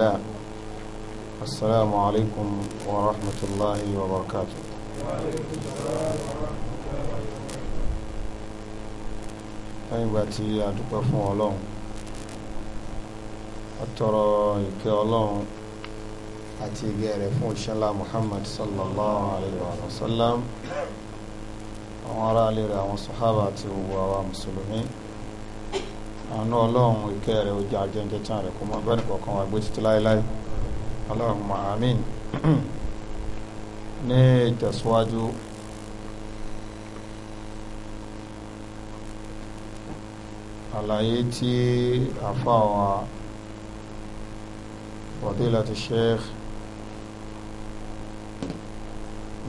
والاه السلام عليكم ورحمة الله وبركاته lẹ́yìn ìgbà tí a dúpẹ́ fún ọlọ́run a tọrọ ìkẹ́ ọlọ́run àti ìgẹ́ rẹ̀ fún òṣèlá Muhammad sallallahu alayhi wa sallam àwọn ará ilé àwọn sàhábà àti gbogbo àwa mùsùlùmí àánú ọlọ́run ìkẹ́ rẹ̀ ojú àjẹjẹ tán rẹ̀ kó mọ bẹ́ẹ̀ kọ̀ọ̀kan wà gbé títí láéláé Allahumma àmín ní ìtẹ̀síwájú àlàyé tí àfáwà fadilati sheikh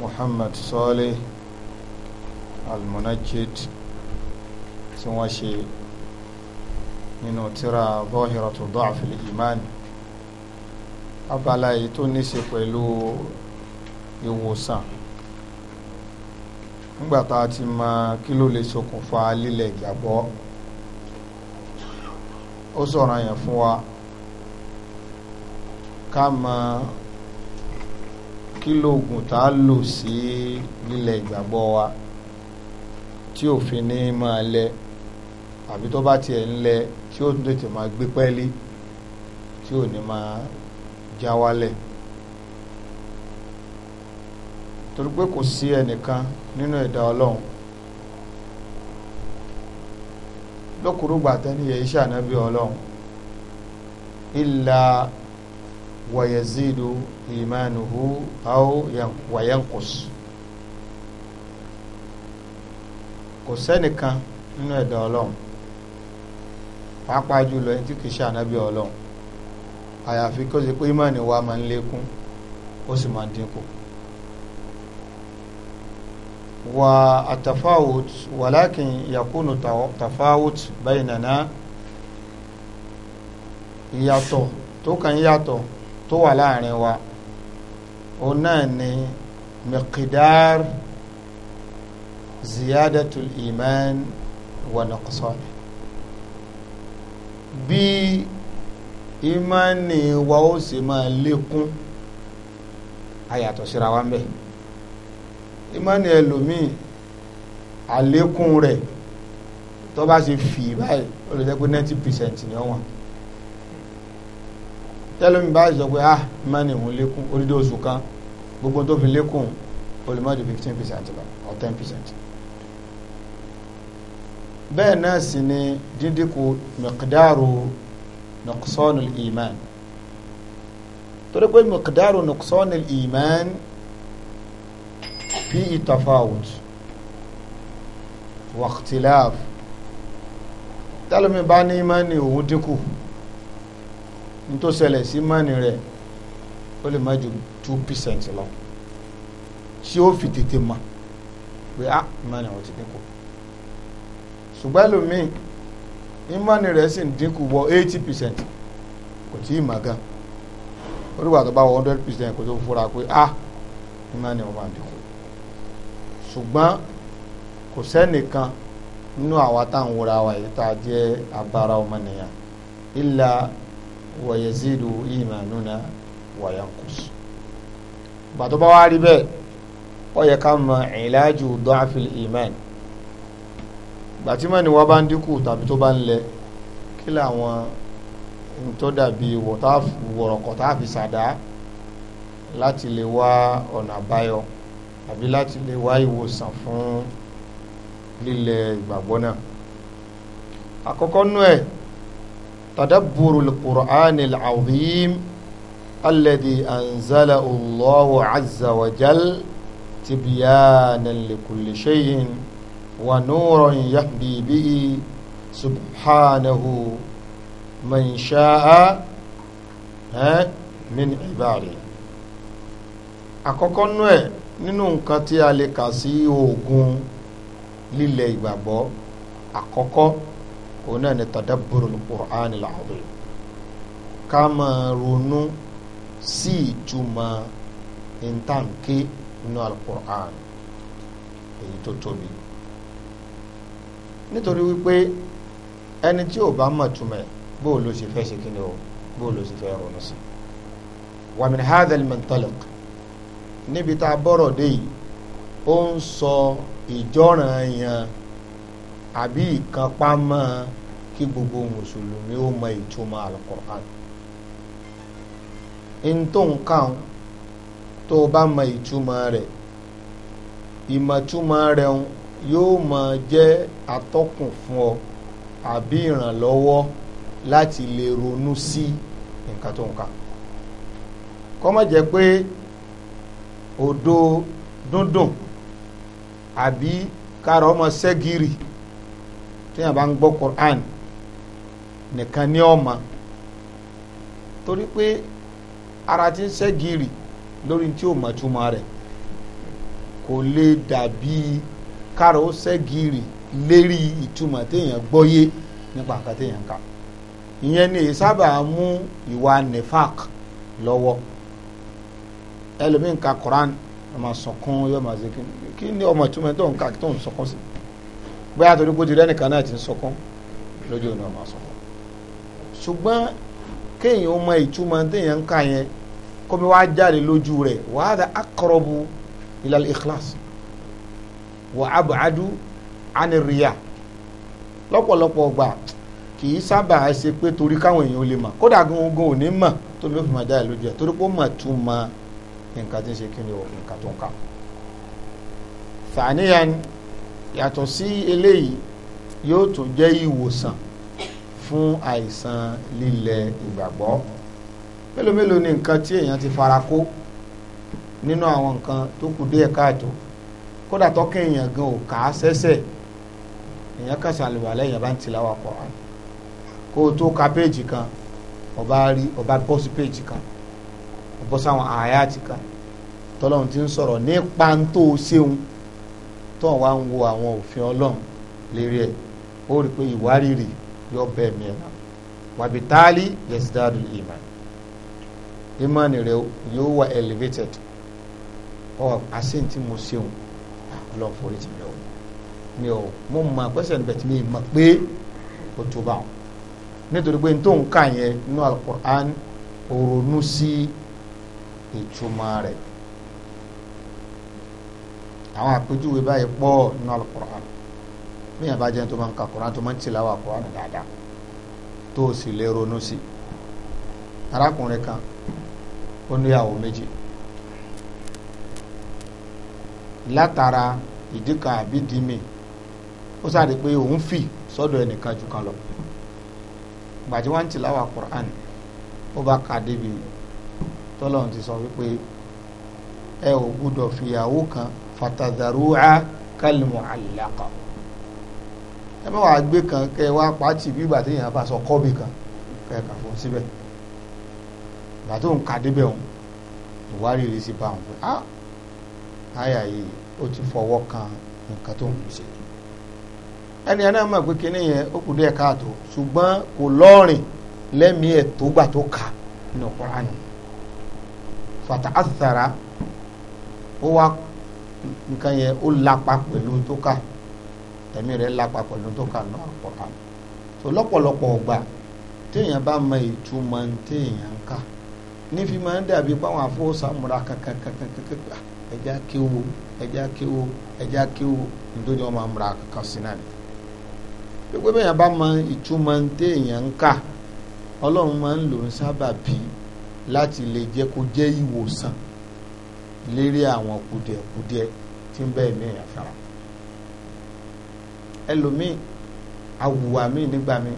Muhammad Salih Al-Munajjid tí wọ́n ṣe nínú tíra Zahiratu Da'fil Iman abala yìí tó ní ṣe pẹ̀lú ìwòsàn nígbàtà ti ma kí ló lè ṣokùnfà lílẹ̀ ìgbàgbọ́ ó sọ̀rọ̀ fún wa kama mọ kí lóògùn lò sí lílẹ̀ ìgbàgbọ́ wa tí òfin ní le. àbí tó bá tiẹ̀ ń lẹ tí ó tètè máa gbé pẹ́ẹ́lí tí ò ní máa já wálẹ̀ torí pé kò sí ẹnìkan nínú ẹ̀dá ọlọ́run lókùrúgbà tẹ́ni yẹ iṣẹ́ ànábì ọlọ́run illa wàyẹ̀zídu ìmánuhu aw wàyẹ̀nkus kò sẹ́nìkan nínú ẹ̀dá ọlọ́run pàápàá jùlọ ẹni tí kìí ṣe ànábì ọlọ́run àyàfi kó ṣe pé ìmánì wa máa ń lékún ó sì máa dínkù wa àtàfáwòt wàlákin yakunu tàfáwòt baynana ìyàtọ̀ tó kàn yàtọ̀ tó wà láàrin wa ó náà ni miqdar ziyadatul iman wa naqsan bí imani wa ó sì máa lékún ayàtọ̀ síra wa ń bẹ ìmánì ẹlòmíì àlékún rẹ̀ tó bá ṣe fì báyìí ó lè jẹ́ pé ninety percent ni ó wọ̀n tẹ́lómi báyìí sọ pé ah ìmánì òun lékún odidi oṣù kan gbogbo tó fi lékún olùmọ̀ọ́dì fifteen percent or ten percent bẹ́ẹ̀ náà sì ni dídínkù mẹ̀kídàrú nọ̀kùsọ́nù ìmán torí pé mẹ̀kídàrú nọ̀kùsọ́nù ìmán fi ìtafàwùt wàhtíláf tẹ́lẹ̀mí bá ní ìmánì òun dínkù ní tó ṣẹlẹ̀ sí ìmánì rẹ̀ ó lè má ju two percent lọ tí ó fi tètè mọ̀ pé ah ìmánì òun ti dínkù ṣùgbọ́n ẹlòmíì ìmọ̀ni rẹ̀ sì ń dínkù wọ eighty percent kò tí ì tó bá wọ hundred percent kò tó fura pé ah ìmọ̀ni wọn máa dínkù ṣùgbọ́n kò sẹ́nìkan nínú àwa tá à ń wura wa yìí tá a jẹ́ abara ọmọnìyàn ilà wọ̀yẹ̀zídù ìmọ̀nùnà wọ̀yẹ̀nkùs gbàtọ́ bá wá rí bẹ́ẹ̀ ọ yẹ ká mọ gbàtí mọ́ni wa bá ń dínkù tàbí tó bá ń lẹ kí làwọn ohun tó dàbí wọ̀rọ̀kọ̀ tá a fi ṣàdá láti lè wá ọ̀nà àbáyọ àbí láti lè wá ìwòsàn fún lílẹ̀ ìgbàgbọ́ náà àkọ́kọ́ nú ẹ̀ tadabburu al-Qur'ani al-azim alladhi anzalahu Allahu azza wa ونورا يهدي به سبحانه من شاء من عباده àkọ́kọ́ nú ẹ̀ nínú nǹkan tí a lè kà sí oògùn lílẹ̀ ìgbàgbọ́ àkọ́kọ́ òun náà ni tadabburu qur'an al-azim ká máa ronú sí ìtumọ̀ ìntànkì nínú al èyí tó tóbi nítorí wípé ẹni tí ò bá mọ̀ túmẹ̀ bó ló ṣe fẹ́ ṣe kí ni o bó ló ṣe fẹ́ ronú sí wa min hadha al níbi tá a bọ́rọ̀ dé yìí ó ń sọ ìjọ́ràn yẹn àbí ìkànpámọ́ kí gbogbo mùsùlùmí ó mọ ìtumọ̀ al-Qur'an ntòǹkàn tó o bá mọ ìtumọ̀ rẹ̀ ìmọ̀túmọ̀ rẹ̀ ń yóò máa jẹ́ atọ́kùn fún ọ àbí ìrànlọ́wọ́ láti lè ronú sí nǹkan tó ń kà kó má jẹ́ pé òdo dúndùn àbí kára ọmọ sẹ́gìrì téèyàn bá ń gbọ́ Qur'an nìkan ní ọmọ torí pé ara ti ń sẹ́gìrì lórí tí ò mọ̀túmọ̀ rẹ̀ kò lè dàbí kára ó ṣẹ́gìrì lérí ìtumọ̀ téèyàn gbọ́yé nípa nǹkan téèyàn kà ìyẹn ni sábà mú ìwà nefak lọ́wọ́ ẹlòmíín ka Quran ọmọ sọkún yóò máa ṣe kí ni ọmọ ìtumọ̀ tó ń ka tó ń sọkún sí bóyá torí kó ti rẹ́nìkan náà ti ń sọkún lójú ọ̀nà ọmọ sọkún ṣùgbọ́n kéèyàn mọ ìtumọ̀ téèyàn ń yẹn kó mi wá jáde lójú rẹ̀ wàá da akọrọ̀bù ilal ikhlas wà abuadu aniriya lọ́pọ̀lọpọ̀ ọgbà kì í sábà ṣe pé torí káwọn èèyàn lè mọ̀ kódà gangan ò ní mọ̀ tó ló fi máa dá ìlú jẹ torí pé ó mọ̀ tún mọ nǹkan tí ń ṣe kí ni nǹkan tó ń kà. fàníyàn yàtọ̀ sí eléyìí yóò tún jẹ́ ìwòsàn fún àìsàn lílẹ̀ ìgbàgbọ́ mélòó mélòó ni nǹkan tí èèyàn ti fara kó nínú àwọn nǹkan tó kù díẹ̀ káàtó kódà tọ́kẹ́ èèyàn gan ò kà á sẹ́sẹ̀ èèyàn kàṣà àlùwà lẹ́yìn bá ń tìláwà Kùránì kó o tó ka péèjì kan ọba rí ọba bọ́ sí péèjì kan ọbọ̀ sáwọn àyàtì kan tọ́lọ́run ti ń sọ̀rọ̀ nípa ń tó o ṣeun tó wá ń wo àwọn òfin ọlọ́run lérí ẹ̀ ó rí i pé ìwárìrì yọ bẹ́ẹ̀ mi ẹ̀ náà wàbí táálí yẹsídáàdù ìmọ̀ ìmọ̀ rẹ̀ yóò wà elevated ọ̀ àṣìǹtì mo ṣeun ọlọ́run forí ti mi o mi o mo mọ àpẹsẹ̀ níbẹ̀ tí mi mọ̀ pé o tó bá wọn nítorí pé n tó ń kà yẹn nínú alukur'an òrònú sí ìtumọ̀ rẹ̀ àwọn àpèjúwe báyìí pọ̀ nínú alukur'an mi yàn bá jẹ́ tó máa ń ka kur'an tó máa ń tìláwà kur'an dáadáa tó o sì lè ronú sí arákùnrin kan ó níyàwó méjì látara ìdíkà àbí dìímì ó sáré pé òun fì sọ́dọ̀ ẹnìkan jù kan lọ gbàtí wọ́n ń tìláwà Qur'an ó bá ka débi tọ́lọ́run ti sọ wípé ẹ ò gbúdọ̀ fìyàwó kan fatadaruha kalimu alaka ẹ bá wàá gbé kan kẹ wá pàtì bí ìgbà tí èèyàn bá sọ kọ́bì kan kẹ kà fún síbẹ̀ ìgbà tó ka débẹ̀ òun ìwárìrì sí bá òun pé ah àyà yìí o ti fọwọ́ kan nǹkan tó ń ṣe ẹni ẹni mọ̀ pé kíní o ó kù díẹ̀ káàtó ṣùgbọ́n kò lọ́rìn lẹ́mìí ẹ̀ tó tó ka nínú fata asara o wá nǹkan yẹn ó lapa pẹ̀lú tó kà ẹ̀mí rẹ̀ lapa pẹ̀lú tó kà nínú téèyàn bá ń nífi ń dàbí kankan kankan kankan ẹja kéwo ẹja kéwo ẹja kéwo nítorí wọn máa ń ra kankan sí náà ni pípé bẹ́ẹ̀ bá mọ ìtumọ̀ téèyàn ń kà ọlọ́run máa ń lò ń sábà bí láti lè jẹ́ kó jẹ́ ìwòsàn lérí àwọn kùdìẹ̀kùdìẹ tí ń bẹ́ẹ̀ ní ìyàfara ẹlòmíì awùwà míì nígbà míì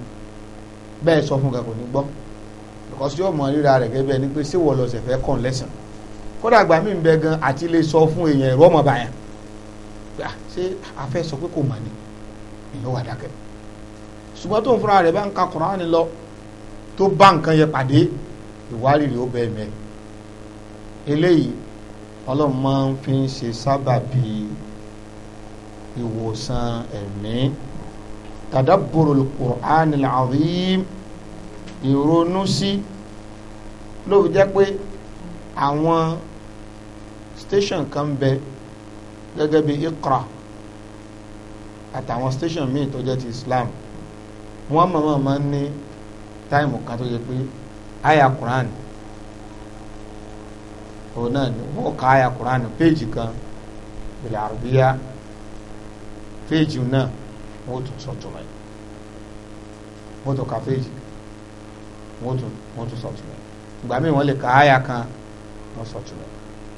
bẹ́ẹ̀ sọ fún kankan ní gbọ́ because yóò mọ rẹ̀ gẹ́gẹ́ bí ẹni pé ṣé wọ́n lọ sẹ̀fẹ́ kàn lẹ́sàn-án kódà àgbà mi ń bẹ gan àti lè sọ fún èèyàn ẹ̀rọ ọmọ bàyàn gbà ṣé afẹ́ sọ pé kò mà ní èèyàn wà dákẹ́ ṣùgbọ́n tó ń fúnra rẹ̀ bá ń ka Kùránì lọ tó bá nǹkan yẹn pàdé ìwárìrì ó bẹ́ẹ̀ mẹ́ eléyìí ọlọ́run máa ń fi ń ṣe sábàbí ìwòsàn ẹ̀mí tadabburu al-Qur'an al-azim ìrònú sí ló fi jẹ́ pé àwọn station kan bẹ gẹ́gẹ́ bí Iqra àtàwọn station míì tó jẹ́ ti Islam wọ́n mọ̀mọ́ máa ń ní táìmù kan tó yẹ pé aya Quran òun náà ni wọ́n ka aya Quran péèjì kan bìlẹ̀ àrùbíyá péèjì náà wọ́n tún sọ̀tún rẹ̀ wọ́n tún ka péèjì wọ́n tún sọ̀tún rẹ̀ ìgbà míì wọ́n lè ka aya kan wọ́n sọ̀tún rẹ̀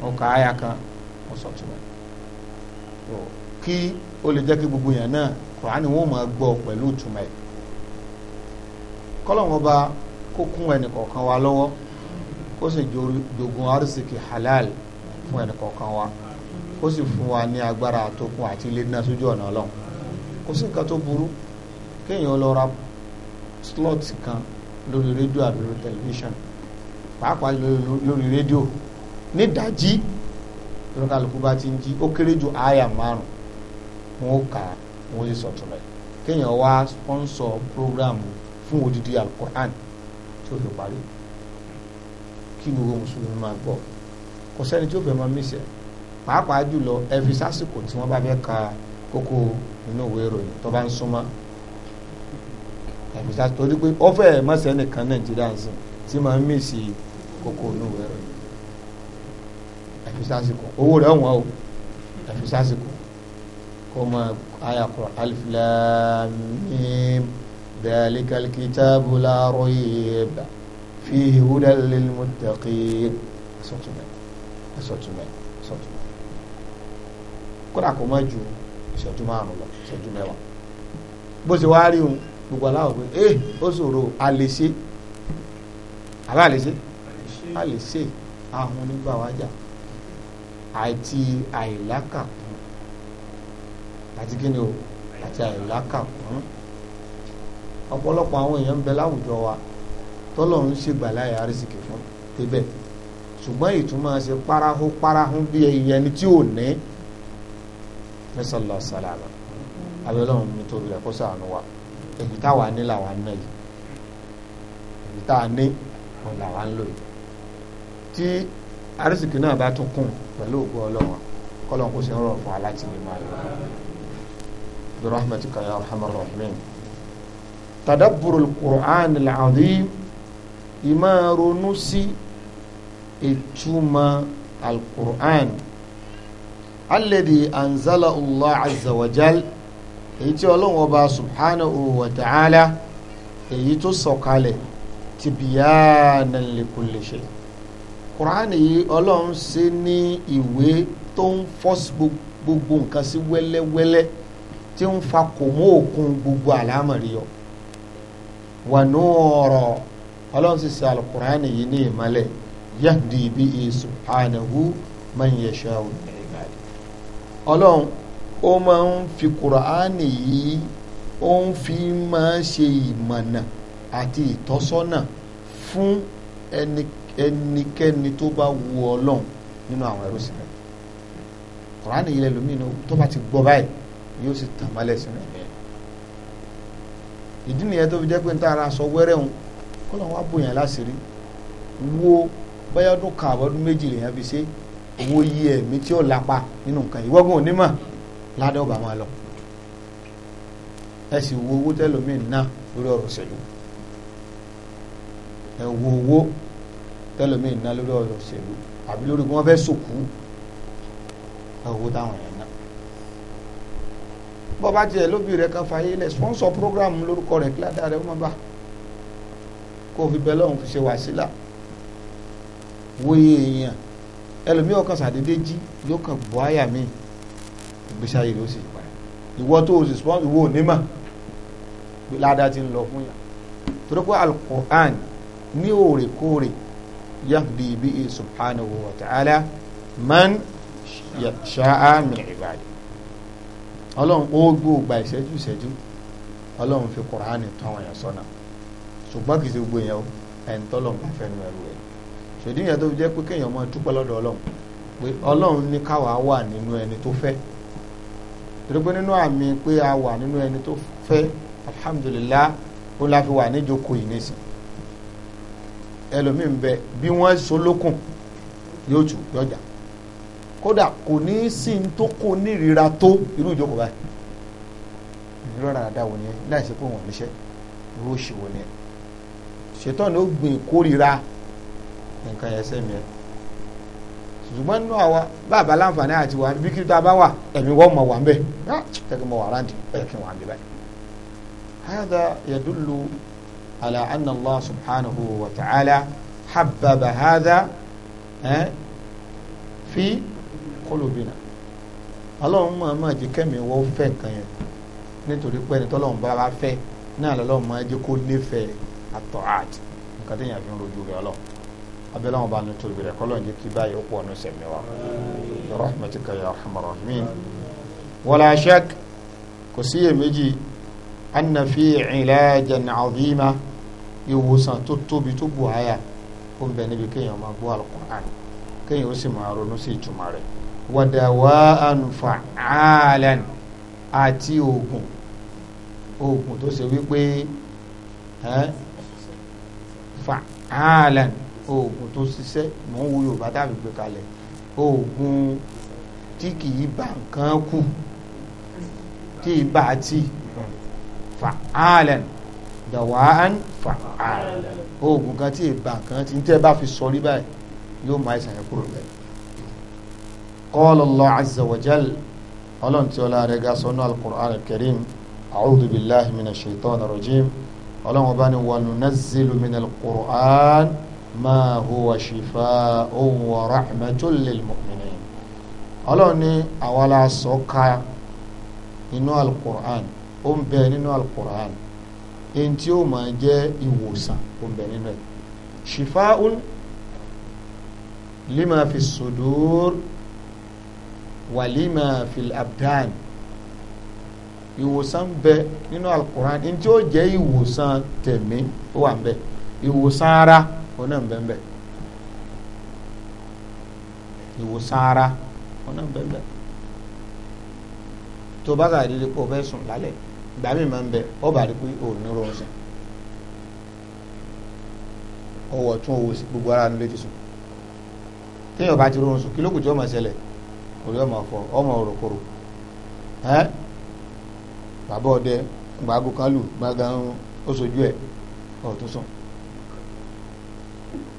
ọkà àyà kan wọ́n sọ tuma kí ó lè jẹ́ kí gbogbo yẹn náà kùránì wọn máa gbọ́ pẹ̀lú tuma yìí kọ́lọ́wọ́n bá kó kún ẹnìkọ̀ọ̀kan wa lọ́wọ́ kó sì jogun arísìkì halal fún ẹnìkọ̀ọ̀kan wa kó sì fún wa ní agbára àtòkun àti ilé náà sójú ọ̀nà ọlọ́run kò sí nǹkan tó burú kéèyàn lọ ra slot kan lórí rédíò àbí lórí tẹlifíṣàn pàápàá lórí rédíò nídàájí lọ́kàlùkù bá ti ń jí ó kéré ju àyà márùn wọn ó kà wọn ó sì sọ̀tún rẹ̀ kéèyàn wá sponsor program fún odidi alukoran tí ó fi parí kí gbogbo mùsùlùmí máa gbọ́ kò sẹ́ni tí ó fẹ́ máa mísẹ̀ pàápàá jùlọ ẹ fi sásìkò tí wọ́n bá fẹ́ ka kókó inú ìwé ìròyìn tó bá ń súnmọ́ ẹ̀mí sásìkò torí pé ọ̀fẹ́ mọ̀sẹ̀ nìkan nàìjíríà ń sìn tí máa ń mísì kókó inú ìwé ìròyìn ẹ̀fi sásìkò owó rẹ̀ wọ́n o ẹ̀fi sásìkò kó mọ ayàkọ̀ alif lam mim dhalikal kitabu la rayba fihi hudan lil muttaqin ẹ̀sọ̀túnmẹ̀ ẹ̀sọ̀túnmẹ̀ ẹ̀sọ̀túnmẹ̀ kódà kó má ju ìṣẹ́jú márùn lọ ìṣẹ́jú mẹ́wàá bó ṣe wá rí òun gbogbo aláwọ̀ pé ẹ eh, ó ṣòro a àbá lè ṣe a nígbà wájà àti àìlákàkún àti kí ni o àti àìlákàkún ọ̀pọ̀lọpọ̀ àwọn èèyàn ń bẹ láwùjọ wa tọ́lọ́run ṣègbà láyé àrísìkì fún débẹ̀ ṣùgbọ́n ìtumọ̀ ṣe parahu parahu bí ẹni tí ò ní nísàlọ sàlámà abẹ́lọ́run mi tóbi rẹ̀ kó sàánú wa èyí táwa ní làwa ń ná yìí èyí tá ní làwa ń lò yìí tí àrísìkì náà bá tún kún pẹ̀lú ògbó ọlọ́wọ́ kọ́lọ́n kó ṣe ń rọrùn fún wa láti lè máa lọ. bi rahmatika ya arhamar rahimin. tadabburul qur'an al-azim ìmọ̀ ronú sí ìtumọ̀ al-qur'an alladhi anzala allah azza wa jal èyí tí ọlọ́run ọba subhanahu wa ta'ala èyí tó sọ̀kalẹ̀ tibiyanan li kulli shay Kurani yìí ọlọ́run ṣe ní ìwé tó ń fọ́ gbogbo nǹkan sí wẹ́lẹ́wẹ́lẹ́ tí ń fa kò mọ́ òkun gbogbo àlámọ̀rí ọ wà ní ọ̀rọ̀ ọlọ́run sì ṣe alukùránì yìí ní ìmọ́lẹ̀ yahdi bí i subhanahu man yasha'u ọlọ́run ó máa ń fi kùránì yìí ó ń fi máa ṣe ìmọ̀nà àti ìtọ́sọ́nà fún ẹnikẹ́ni ẹnikẹ́ni tó bá wu ọlọ́run nínú àwọn ẹrú sílẹ̀ kùránì yìí lẹ́lómi náà tó bá ti gbọ́ báyìí yóò sì tàn mọ́lẹ̀ sínú ẹ̀mí ìdí nìyẹn tó fi jẹ́ pé n taara sọ wẹ́rẹ́ ń kọ́ lọ́n wá bóyá láṣìírí wo bóyá ọdún kan àbọ̀dún méjì lèèyàn fi ṣe owó yí ẹ̀mí tí ó lapa nínú nǹkan ìwọ́gun onímọ̀ ládé ọba máa lọ ẹ sì wo owó tẹlómìn náà lórí ọ̀rọ̀ ṣèlú ẹ wo owó tẹ́lọ̀mí ìná lórí ọ̀rọ̀ òṣèlú àbí lórí bí wọ́n fẹ́ sòkú owó táwọn èèyàn ná bọ́ bá tiẹ̀ lóbi rẹ̀ kan fàyè lẹ̀ sponsor program lórúkọ rẹ̀ kíládà rẹ̀ wọ́n bá kó o fi bẹ́ẹ̀ lọ́hùn fi ṣe wàsílà wòye èèyàn ẹlòmí ọkàn sàdédé jí yóò kàn bọ́ àyà mi ìgbésí ayé ló sì pa ìwọ tó o sì sponsor ìwọ ò ní mà ládàá ti ń lọ fún yà torí pé alukur'an ní òrèkóòrè yahdi bihi subhanahu wa ta'ala man sha'a min ibadi ọlọ́run ó gbóògbà ìṣẹ́jú ìṣẹ́jú ọlọ́run fi kùránì tán àwọn èèyàn sọ́nà ṣùgbọ́n kìí ṣe gbogbo èèyàn ẹni tọ́lọ́run bá fẹ́ nu ẹrú ẹ̀ ṣòdí ìyẹn tó jẹ́ pé kéèyàn máa dúpẹ́ lọ́dọ̀ ọlọ́run pé ọlọ́run ní káwa wà nínú ẹni tó fẹ́ torí nínú àmì pé a wà nínú ẹni tó fẹ́ alhamdulillah ó la wà níjókòó yìí ẹlòmíì ń bẹ bí wọ́n solókùn yóò tù yọjà kódà kò ní sí ní tó kó nírira tó irú ìjókòó báyìí ìrora àdá wò ni láì ṣe pé wọn níṣẹ́ irú òṣì wò ni ṣètọ́ ni ó gbìn ìkórira nǹkan yẹn sẹ́mi ẹ̀ ṣùgbọ́n nínú àwa bàbá láǹfààní àti wà bí kíkọ́ bá wà ẹ̀mí wọ́n mọ̀ wà ń bẹ̀ tẹ́kí mọ̀ wà rántí ẹ̀kí wà ń bẹ̀ báyìí. على أن الله سبحانه وتعالى حبب هذا في قلوبنا ọlọ́run máa máa jẹ́ kẹ́mi wọ́n fẹ́ nǹkan yẹn nítorí pé ẹni tọ́lọ́run bá bá fẹ́ náà lọ́lọ́run máa jẹ́ kó nífẹ̀ẹ́ àtọ̀ art nǹkan téèyàn fi ń rojú rẹ̀ ọlọ́run abẹ́lẹ́ wọn bá nu tóbi rẹ̀ kọ́lọ́run jẹ́ kí báyìí ó pọ̀ ọ̀nà sẹ̀mí wa rahmatika ya arhamar rahimin wala shak kò síyèméjì anna fi ilajan azima ìwòsàn tó tóbi tó bù àyà ó ń bẹ níbi kéèyàn máa gbọ́ alukur'an kéèyàn ó sì máa ronú sí ìtumọ̀ rẹ̀ wàdàwà ànfà àlàn àti oògùn oògùn tó ṣe wípé fà àlàn oògùn tó ṣiṣẹ́ mò ń wo yorùbá tàbí gbé kalẹ̀ oògùn tí kì í bá nǹkan kù tí ì bá a fà àlàn dawaan fa'al oògùn kan tí ìbà kan tí n tẹ́ bá fi sọ rí báyìí yóò máa ṣàyẹ̀ kúrò bẹ́ẹ̀. qala Allah azza wa jal ọlọ́run tí ọlá rẹ̀ ga sọ́nà al-Qur'an al-Karim a'udhu billahi minash shaitani rajim ọlọ́run ọba ni wa nunazzilu minal Qur'an ma huwa shifaa'un wa rahmatun lil mu'minin ọlọ́run ní àwa la ká inú al ó ń bẹ nínú al èyí tí ó máa jẹ́ ìwòsàn kò bẹ̀ nínú ẹ̀ shifaun lima fi sudur wa lima fi abdan ìwòsàn bẹ nínú alukuran ní tí ó jẹ́ ìwòsàn tẹ̀mí ó wà ń bẹ ìwòsàn ara òun náà ń bẹ ń bẹ ìwòsàn ara òun náà ń bẹ ń bẹ ìgbà mi máa ń bẹ ọ bá rí pé ò ní rọrùn sùn ọwọ́ tún owó sí gbogbo ara nílé ti sùn téèyàn bá ti rọrùn sùn kí ló kù tí ọmọ ṣẹlẹ̀ orí ọmọ ọ̀fọ̀ ọmọ òròkòrò ẹ́ bàbá ọdẹ gbàgbó kan lù gbàgbà ń ó sojú sùn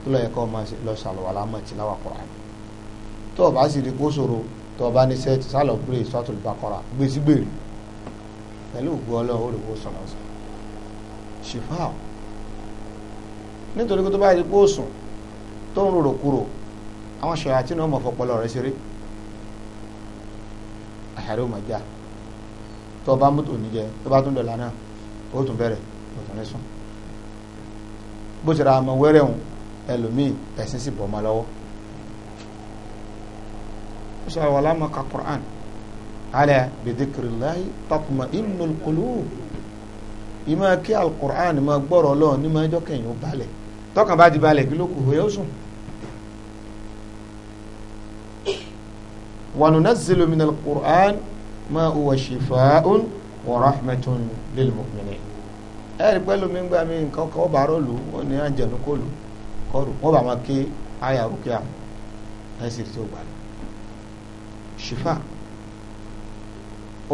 tó lọ yẹ ọmọ lọ láwà àná tó o bá sì kó tó o bá gbèrè pẹ̀lú ògbó ọlọ́wọ́ olùkó sọ̀rọ̀ ọ̀sán ṣìfà ọ̀ nítorí pé tó bá yẹ kó sùn tó ń rorò kúrò àwọn ṣọ̀rọ̀ àti náà mọ̀ fọpọlọ rẹ̀ ṣeré àyàrá ò mà já tó o bá mú tòun níjẹ tó bá tún dọ̀là náà ó tún bẹ̀rẹ̀ ó tún ní bó ṣe ra àmọ́ wẹ́rẹ̀ hùn ẹlòmíì ẹ̀sìn sì bọ̀ ọmọ lọ́wọ́ ó ṣe àwọn alámọ̀ka Qur'an ala bi dhikrillahi tatma'innul qulub ìmọ̀ kí alukur'an máa gbọ́rọ̀ lọ́wọ́ ní máa jọ́ kẹ́yìn ó balẹ̀ tọkàn bá di balẹ̀ kí ló kù hóyẹ́ ó sùn. wa nunazzilu minal qur'an ma huwa shifaa'un wa rahmatun lil mu'minin. ẹ̀rí pẹ́lú mi ń gbà mí nǹkan kọ́ bàárọ̀ lù wọ́n ní àjẹnú kò lù kọ́rù wọ́n bá máa ké àyà òkè àmọ́ ẹ̀sìn tí ó gbà lọ. shifaa'un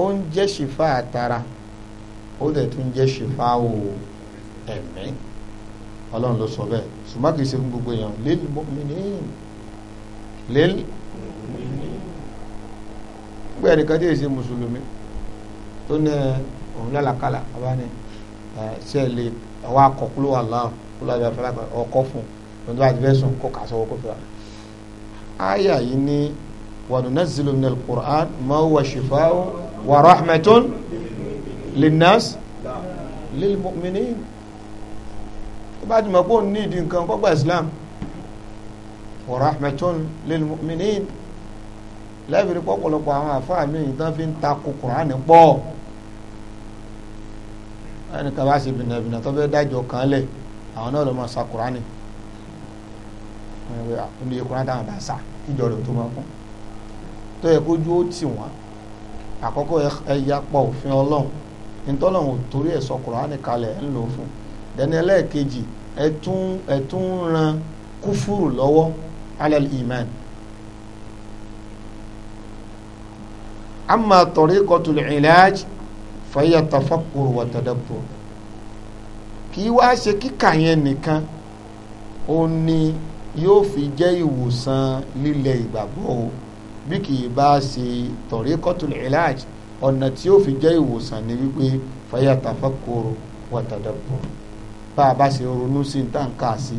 ó ń jẹ́ ṣìfà àtara ó dẹ̀ tún jẹ́ ṣìfà o ẹ̀mí ọlọ́run ló sọ bẹ́ẹ̀ ṣùgbọ́n ṣe fún gbogbo èèyàn lil mu'minin lil mu'minin gbé ẹnìkan tí èsì mùsùlùmí tó ní òun lálàkàlà abáni ṣe lè ọwọ́ akọ̀kúlò Allah kúlò àbí afẹ́lá ọkọ̀ fún un lọ́dún àti bẹ́ẹ̀ sùn kó kà sọ́wọ́ kó fìlà. àyà yìí ni wa nunazzilu minal Qur'an ma huwa shifa'u wa rahmatun linnas lil mu'minin tó bá jùmọ̀ pé òun ní ìdí nǹkan kó gba islam wa rahmatun lil mu'minin lẹ́bìrì pọ̀pọ̀lọpọ̀ àwọn àfáà mi ìtàn fi ń ta ko Kùránì pọ̀ ẹni kan bá ṣe bìnàbìnà tó fẹ́ dájọ́ kan lẹ̀ àwọn náà ló máa sa Kùránì ní Kùránì táwọn bá sa kíjọ rẹ̀ tó máa kún tó yẹ kójú ó tì wọ́n àkọ́kọ́ ẹ yapa òfin ọlọ́run ntọ́lọ́run torí ẹ̀ sọ kùránì kalẹ̀ ń lò fún dẹ́ni ẹlẹ́ẹ̀kejì ẹ tún ẹ tún ran kúfúrù lọ́wọ́ alal iman amma tariqatul ilaj fàyà tafakkur wa tadabbur kì í wá ṣe kíkà yẹn nìkan ó ní yóò fi jẹ́ ìwòsàn lílẹ̀ ìgbàgbọ́ o bí kì í bá ṣe tariqatul ilaj ọ̀nà tí ó fi jẹ́ ìwòsàn ni wípé fayatafakuru wa tadabbur bá a bá ṣe ronú sí ní tàǹkà sí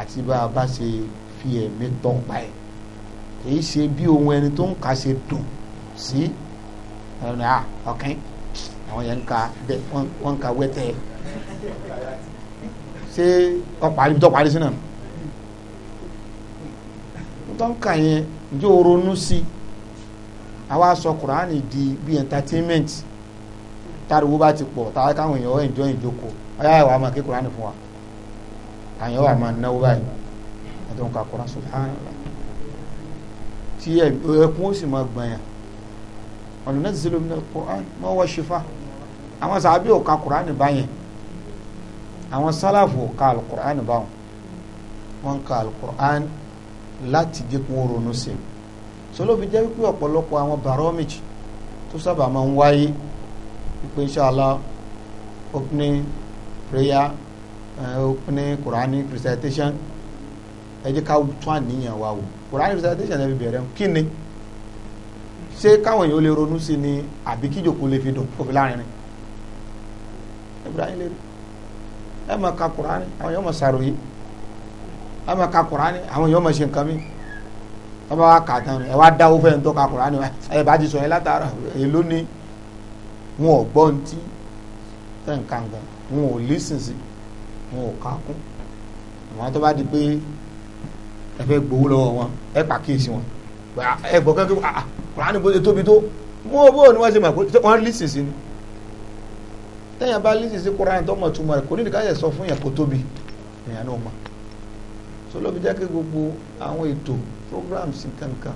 àti bá a bá ṣe fi ẹ̀mí tọ́pa ẹ̀ kì ṣe bí ohun ẹni tó ń kà ṣe dùn sí ọ̀nà ọ̀kẹ́ àwọn yẹn ń ka bẹ́ẹ̀ wọ́n ń ka wẹ́tẹ́ ṣé ọ̀parí tó parí sí náà tó ń kà yẹn njẹ́ o ronú sí àwa sọ kuraani di bi entertainment tariwo bá ti pọ̀ tàwa káwọn èèyàn enjoy ìjókòó ọ̀yá ẹ̀ wà á máa ké kuraani fún wa àyàn wà á máa náwó báyìí ẹ̀dọ̀ nǹkan kuraani subhanallah tí ẹkún ó sì máa gbọ̀nyàn ọ̀nà náà ti sílẹ̀ omi náà kuraani mọ́ wọ́n ṣifá àwọn sàbí ò ka kuraani báyẹn àwọn sálàfù ò ka alukuraani báwọn wọ́n ka alukuraani láti jẹ́ kó ronú sí i sọlọ́bi jẹ́ wípé ọ̀pọ̀lọpọ̀ àwọn baromage tó sábà máa ń wáyé wípé inshallah opening prayer uh, opening Quranic recitation ẹ jẹ́ ká tún àníyàn wa wò Quranic recitation ẹ fi bẹ̀rẹ̀ kí ni ṣé káwọn èèyàn lè ronú sí ni àbí kíjòkó lè fi dùn kó fi láàrin rìn Ibrahim lè rí ẹ máa ka Qurani àwọn èèyàn máa ṣàròyé ama máa ka Kùránì àwọn èèyàn máa ṣe nǹkan mi wọ́n bá wá kà tán ẹ wá dáwó fẹ́ẹ́ ka Kùránì ẹ bá ti sọ yẹn látara èló ni wọn ò gbọ́ ntí fẹ́ẹ́ nǹkan gan wọn ò lísìn sí wọn ò ká kún àwọn tó bá di pé ẹ fẹ́ gbowó lọ́wọ́ wọn ẹ pàkíyèsí wọn ẹ gbọ́ kẹ́kẹ́ ah, ah, Kùránì bó ṣe tóbi tó bó bó ni wọ́n ṣe mọ̀ pé wọ́n lísìn sí ni tẹ́yìn bá lísìn sí tó mọ̀ túmọ̀ rẹ̀ kò ní ìdíkà yẹ sọ fún yẹn kó tóbi èèyàn náà mọ̀ so ló fi jẹ́ kí gbogbo àwọn ètò programs kankan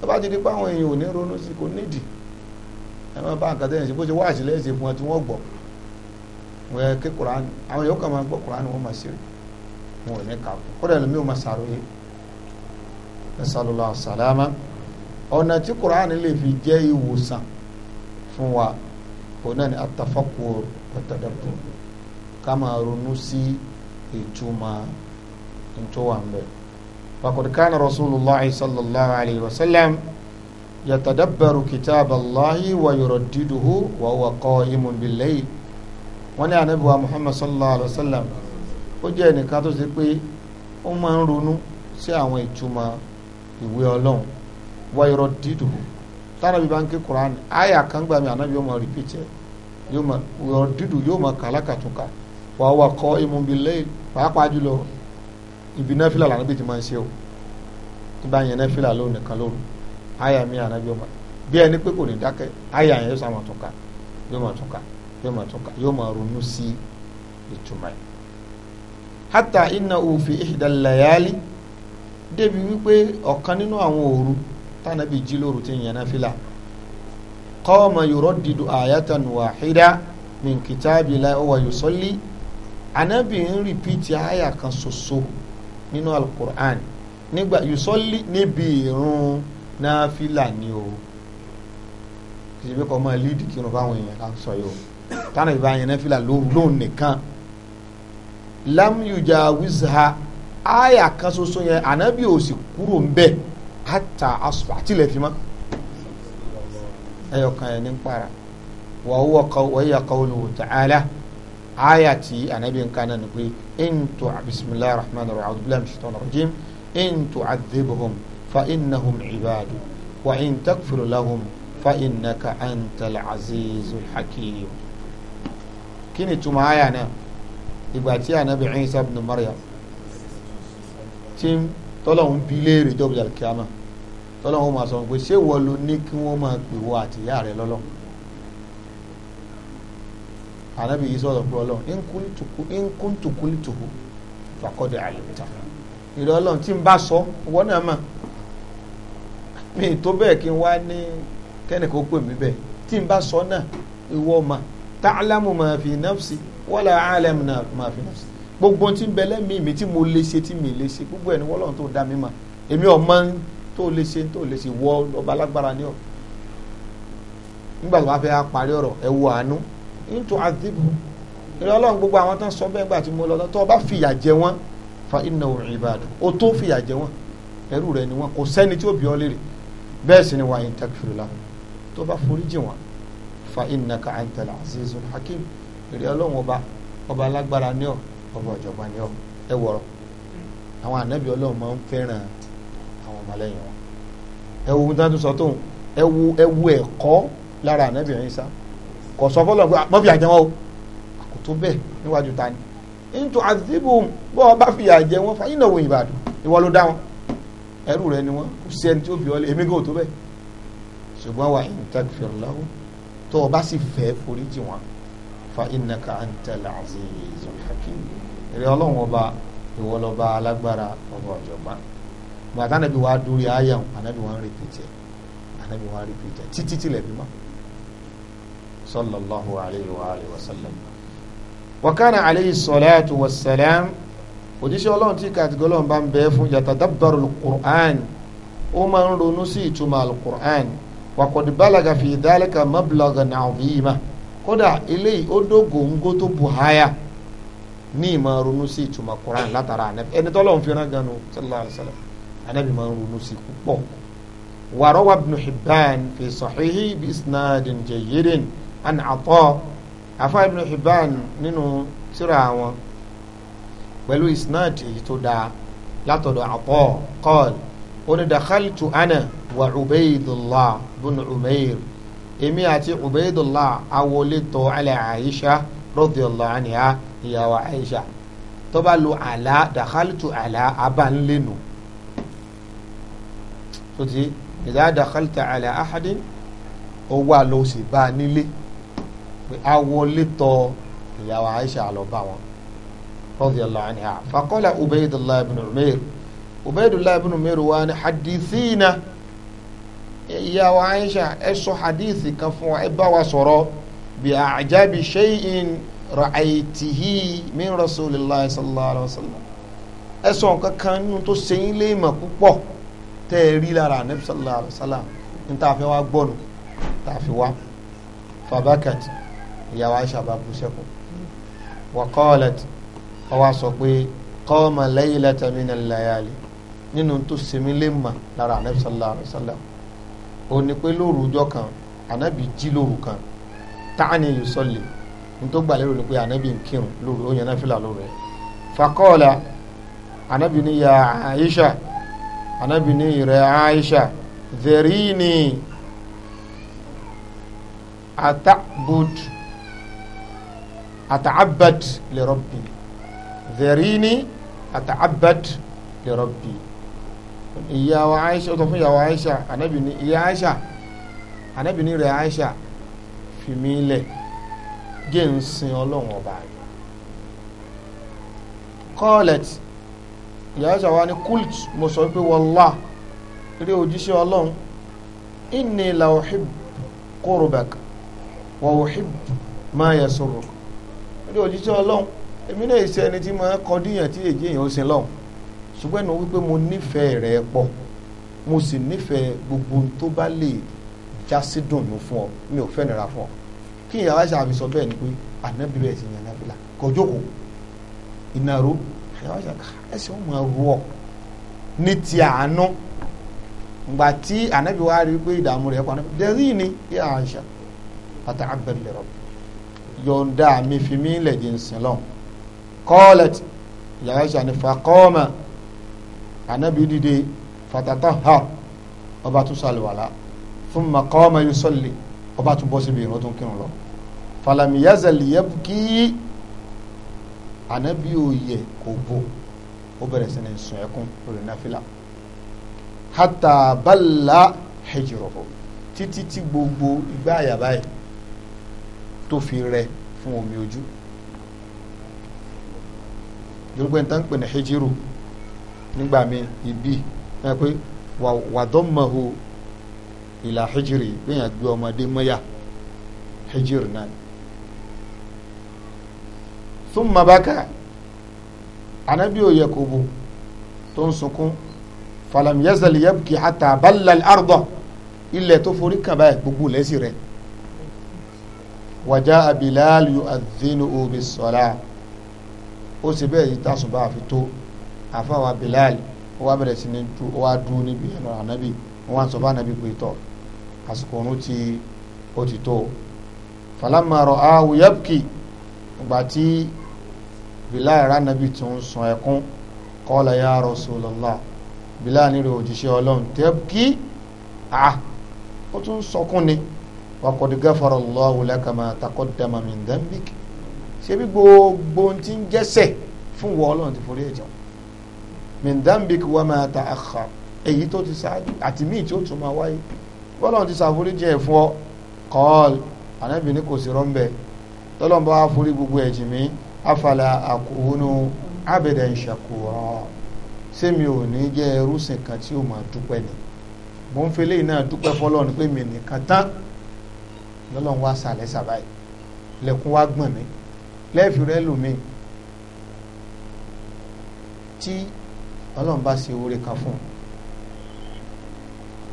tó bá ti di pé àwọn èèyàn ò ní ronú sí kò nídìí ẹ máa bá nǹkan tẹ́yìn sí bó ṣe wá àṣìlẹ́yìn sí fún ẹ tí wọ́n gbọ́ wọ́n ké kuran àwọn yòókù máa gbọ́ kuran wọ́n máa ṣeré wọn ò ní kà kú kódà lómi ò máa ṣàròyé nasalula salama ọ̀nà tí kuran lè fi jẹ́ ìwòsàn fún wa òun náà ni atafakur ọ̀tàdàpọ̀ ká máa ronú sí ìtumọ̀ tó wà ń bẹ̀. faqad kana rasulullah sallallahu alayhi wa sallam yatadabbaru kitaballahi wa yuraddiduhu wa huwa qa'imun bil-layl wọ́n ní anabi wa muhammad sallallahu alayhi wa sallam ó jẹ́ ẹnìkan tó ṣe pé ó máa ń ronú sí àwọn ìtumọ̀ ìwé ọlọ́run wa yuraddiduhu tánàbí bá ń ké quran àyà kan gbàmí anabi ó máa repeat yóò máa yuraddidu yóò máa kàlákàtúnkà wa huwa qa'imun bil pàápàá jùlọ ibi nẹ́fìlà lànà bí ti máa ń ṣe o tí bá yẹn nẹ́fìlà lóhùn nìkan lóhùn àyà mi ànábi ọmọ bí ẹni pé kò ní dákẹ́ àyà yẹn yóò sá tún ká yóò máa tún ká yóò máa tún ká yóò máa ronú sí ìtumọ̀ yẹn. hátà iná òfin ìdàlàyálì débi wípé ọ̀kan nínú àwọn òru tánàbí jí ti yẹn nẹ́fìlà qama yuraddidu ayatan wahida min kitabillahi wa yusalli ànábì ń rìpíìtì àyà kan ṣoṣo nínú alukur'an nígbà yusọ́lì níbi ìrun náfìlà ni o kì í ṣe pé kọ́ máa líìdì kírun fáwọn èèyàn ká sọ yìí o tánà ìbá yẹn náfìlà lóhùn nìkan lámúyùjà wíṣà àyà kan ṣoṣo yẹn ànábì ò sì kúrò ń bẹ̀ àtà àsùpà fi mọ́ ẹyọkan yẹn ní ń para wàhùwà kọ́ wọ́yà kọ́ olùwòtà àlà aya tí anabi nǹkan náà ni pé intu bisimilahi rahman rahim a'udhu billahi minash shaitanir rajim intu adhibuhum fa innahum ibadu wa in takfuru lahum fa innaka antal azizul hakim kí ni tuma aya náà ìgbà tí anabi Isa ibn Maryam tí tọ́lọ́hún bí léèrè jọ́bìjà kíámà tọ́lọ́hún máa sọ pé ṣé wọ́n lo ní kí wọ́n máa pè wọ́n àtìyá rẹ̀ lọ́lọ́hún anabi yìí sọ̀rọ̀ pé ọlọ́run inkuntukuntuhu fàkọ́dé àlùmíta ìrẹ́ ọlọ́run tí ń bá sọ wọ́n náà mà mí tó bẹ́ẹ̀ kí n wá ní kẹ́nìkan ó pè mí bẹ́ẹ̀ tí n bá sọ náà ìwọ mà ta'lamu ma fi nafsi wala a'lamu ma fi nafsi gbogbo tí ń bẹ lẹ́mìí mi tí mo lè ṣe tí mi lè ṣe gbogbo ẹ̀ ni wọ́lọ́run tó dá mi mà èmi ọmọ tó lè ṣe tó lè ṣe wọ ọba alágbára ni ọ nígbà tó bá fẹ́ parí ọ̀rọ̀ ẹ wo àánú into adibu ìrẹ́ ọlọ́run gbogbo àwọn tó ń sọ bẹ́ẹ̀ gbà tí mo lọ tó o bá fìyà jẹ wọ́n fa iná òrìn ìbàdàn o tó fìyà jẹ wọ́n ẹrú rẹ ni wọ́n kò sẹ́ni tí ó bí ọ léèrè bẹ́ẹ̀ sì ni wàá yín tẹ́kifìrì la tó bá forí jì wọ́n fa iná ka à ń tẹ̀lé azizul hakim ìrẹ́ ọlọ́run ọba ọba alágbára ni ọ ọba ọ̀jọ̀gbọ́n ni ọ ẹ wọ̀rọ̀ àwọn ànábì ọlọ́run máa ń fẹ́ràn àwọn ọmọlẹ́yìn wọn ẹ wo ohun tí wọ́n tún sọ tóun ẹ wo ẹ̀kọ́ lára ànábì ọ̀yìn sáà kò sọ fọlọ́ pé ah, mọ́ fìyà jẹ wọn o kò tó bẹ́ẹ̀ níwájú ta ni ntò àdìbò bọ́ ọ bá fìyà jẹ wọn fa iná wo ìbàdàn ìwọ ló dá wọn ẹrú rẹ ni wọn kò sí ẹni tí ó fi ọ èmi gò tó bẹ́ẹ̀ ṣùgbọ́n wà ń tagfir lahu tó o bá sì fẹ́ forí jì wọn fa innaka antal azizul hakim eré ọlọ́run ọba ìwọ lọ́ba alágbára ọba ọ̀jọ̀gbọ́n gbàtà nàbí wàá dúró sallallahu alayhi wa alayhi wa sallam wakana alayhi salatu wa salam òjíṣẹ́ ọlọ́run tí kàtìgọ́ ọlọ́run bá ń bẹ fún yatadabbaru al-Qur'an ó máa ń ronú sí ìtumọ̀ al-Qur'an wa qad balaga fi dhalika mablaghan azima kódà eléyìí ó dógóńgó tó bu háyà ní ìmọ̀ ronú sí ìtumọ̀ Qur'an látara ànábì ẹni tọ́lọ́run fi rán ganu sallallahu alayhi wa sallam ànábì máa ń ronú sí púpọ̀ wa rawa ibn Hibban fi sahihi bi isnadin jayyidin an àtọ́ afa ibn hibban nínú tírà wọn pẹ̀lú isnad èyí tó dáa látọ̀dọ̀ àtọ́ qal onídàkàlìtù ana wa ubaydullah bin umair èmi àti ubaydullah awolétọ̀ ala aisha radiyallahu anha ìyàwó aisha tó bá lo àlá dàkàlìtù àlá abánlénu tó ti ìdá dàkàlìtù àlá ahadin ó wà lọ pé a wọlé tọ̀ ìyàwó Aisha lọ bá wọn radiyallahu anha faqala Ubaydullah ibn Umair Ubaydullah ibn Umair wa ni hadithina ìyàwó Aisha ẹ sọ hadithi kan fún wa ẹ bá wa sọ̀rọ̀ bí àjábi shay'in ra'aytihi min rasulillah sallallahu alaihi wa sallam ẹ sọ nǹkan kan nínú tó sẹ́yìn léèmọ̀ púpọ̀ tẹ́ ẹ rí lára anabi sallallahu alaihi wa sallam n ta fi gbọ́nu ta fi wá fabakat ìyàwó Aisha bá bú sẹ́kù wa qalat ó wá sọ pé qama laylatan min al-layali nínú tó sinmi lè mà lára anabi sallallahu alayhi wa sallam ó ní pé lóru ọjọ́ kan anabi jí lóru kan ta'ani yusalli nítorí gbàlérò ni pé anabi ń kírun lóru ó yẹn náà fìlà lóru rẹ̀ faqala anabi ní ya Aisha anabi ní ìrẹ̀ Aisha dherini atabud ata'abbad li rabbi dharini ata'abbad li rabbi ìyàwó aisha tó fún ìyàwó aisha anabi ní ìyá aisha anabi ní rẹ̀ aisha fi mí lẹ̀ gé ń sin ọlọ́run ọba yìí qalat ìyá aisha wa ni kult mo sọ pé wallah rí òjíṣẹ́ ọlọ́run inni la uhib qurbak ma yasurruk ní òjíṣẹ́ ọlọ́run èmi náà ṣe ẹni tí mo kọdíyàn tí èjì èèyàn ó sin lọ́hùn ṣùgbọ́n ẹnu wípé mo nífẹ̀ẹ́ rẹ pọ̀ mo sì nífẹ̀ẹ́ gbogbo tó bá lè jásí dùnú fún ọ mi ò fẹ́ nira fún ọ kí ìyá wa ṣàfi sọ bẹ́ẹ̀ ni pé ànábi bẹ́ẹ̀ sì yàn nábìlà kọjókò ìnáró ìyá wa ṣàkà ah, ẹsẹ̀ wọn máa rú ọ ní ti àánú ngbà tí ànábi wa rí pé ìdààmú rẹ̀ pọ̀ ànábi dẹ́rì ni yà á ṣà àtàkàbẹ̀rẹ̀ lẹ́rọ̀ bí yọ̀ǹda mi fi mí lẹ̀ jẹ́ nsìn lọ kọ́ọ̀lẹ̀t yàrá ìṣàní fàkọ́ọ̀mà ànábì dìde fàtàtà ha ọba tún sàlùwàlà fún makọ́ọ̀mà yóò sọ̀lẹ̀ ọba tún bọ́ síbi ìrọ̀ tó ń kírun lọ falamiyazali yabki ànábì òye kò bò ó bẹ̀rẹ̀ sí ní sun ẹkún lórí náfìlà hátà bàlá hijruhu títí tí gbogbo ìgbà àyàbáyé tó fi rẹ fún omi ojú yorùbá ní tán pè ní hijiru nígbà mi ibi ẹ pé wàdọ́mọ̀hó ìlà hijiri gbìyànjú gbé ọmọdé mọ́yà hijiri náà thumma baka anabi ó yakubu tó ń sunkún falam yazal yabki hatta balla ilẹ̀ tó forí kàn gbogbo lẹ́sìn rẹ̀ wàjá Bilal yu'adhdhinuhu bis-salah ó sì bẹ́ẹ̀ yìí tásùn bá fi tó àfáwà Bilal ó wá bẹ̀rẹ̀ sí ní ju ó wá dúró níbi ẹnu ànábì wọn wá sọ fún ànábì pé tọ àsìkò òun ti ó ti tó falamma ra'ahu yabki ìgbà tí rà ànábì tó ń sun ẹkún qala ya Rasulullah Bilal nílò òjíṣẹ́ ọlọ́run tẹ́bùkì à ó tún sọkún ni wàkọ̀dù gáfàrà Allahu laka ma taqaddama min dhanbik ṣebí gbogbo ti ń jẹ́sẹ̀ fún wọ́ ọlọ́run ti forí ẹ̀jẹ̀ min dhanbik wa ma ta'akhkhar èyí tó ti ṣáájú àti míì tí ó tún máa wáyé bọ́lọ́run ti ṣàforíjì ẹ̀ fún ọ kọ́ọ̀l ànábì ní kò sí rọ́ńbẹ́ tọ́lọ́n bá forí gbogbo ẹ̀jì mi afala àkóhónú abdan shakura ṣé mi ò ní jẹ́ ẹrúsìn kan tí ó máa dúpẹ́ ni mo ń fi eléyìí náà dúpẹ́ fọlọ́run pé mi nìkan tán lọ́lọ́run wá sàlẹ̀ sàbáyé lẹ́kùn wá gbọ̀n mí lẹ́ẹ̀fì rẹ lòmíì tí ọlọ́run bá ṣe oore kan fún un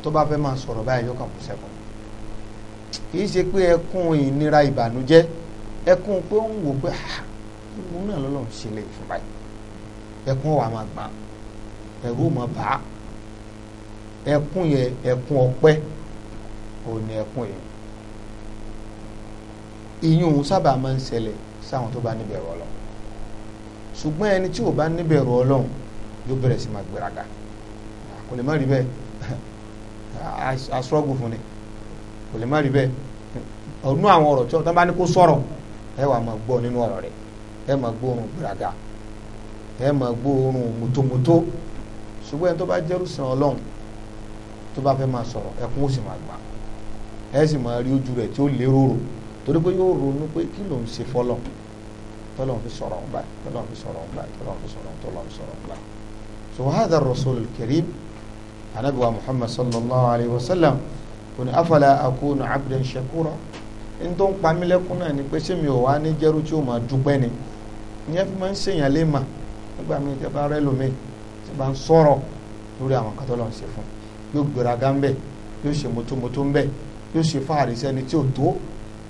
tó bá fẹ́ máa sọ̀rọ̀ báyìí yóò kàn kó sẹ́kùn kì í ṣe pé ẹkún ìnira ìbànújẹ́ ẹkún pé ó ń wò pé ìwọ ah, náà lọ́lọ́run ṣe lè fún báyìí ẹkún wà máa gbà ẹ̀rù mọ̀ bá ẹkún yẹn ẹkún ọpẹ́ òun ẹkún yẹn ìyún òun sábà máa ń ṣẹlẹ̀ sáwọn tó bá níbẹ̀rù ọlọ́run ṣùgbọ́n ẹni tí ò bá níbẹ̀rù ọlọ́run yóò bẹ̀rẹ̀ sí máa gbéraga kò lè má rí bẹ́ẹ̀ asọ́gbù fún ni kò lè má rí bẹ́ẹ̀ ọdún àwọn ọ̀rọ̀ tí wọ́n bá ní kó sọ̀rọ̀ ẹ wà máa gbọ́ nínú ọ̀rọ̀ rẹ̀ ẹ máa gbọ́ òórùn gbéraga ẹ máa gbọ́ òórùn mùtòmùtò ṣùgbọ́n ẹni tó bá jẹ́rù sàn ọlọ́run tó bá fẹ́ máa sọ̀rọ̀ ẹkún ó sì máa gbà ẹ sì máa rí ojú rẹ̀ tí ó lérò rò torí pé yóò ronú pé kí ló ń ṣe fọlọ́ tọ́lọ́ fi sọ̀rọ̀ ọ̀gbà tọ́lọ́ fi sọ̀rọ̀ ọ̀gbà tọ́lọ́ fi sọ̀rọ̀ tọ́lọ́ fi sọ̀rọ̀ ọ̀gbà. so hadha ar-rasul al-karim anabi wa muhammad sallallahu alayhi wa sallam kò ní afala akunu abdan shakura n tó ń pa mí lẹ́kún náà ni pé sẹ́mi ò wá ní jẹ́rú tí ó máa dúpẹ́ ni ìyẹn fi máa ń ṣèyàn lé mà nígbà míì tẹ́ bá rẹ́ lómi tí bá ń sọ̀rọ̀ lórí àwọn kan tó lọ́n ṣe fún yóò gbéraga ń bẹ̀ yóò ṣe mọ́tòmọ́tò ń bẹ̀ yóò ṣe fáàrí sẹ́ni tí ò tó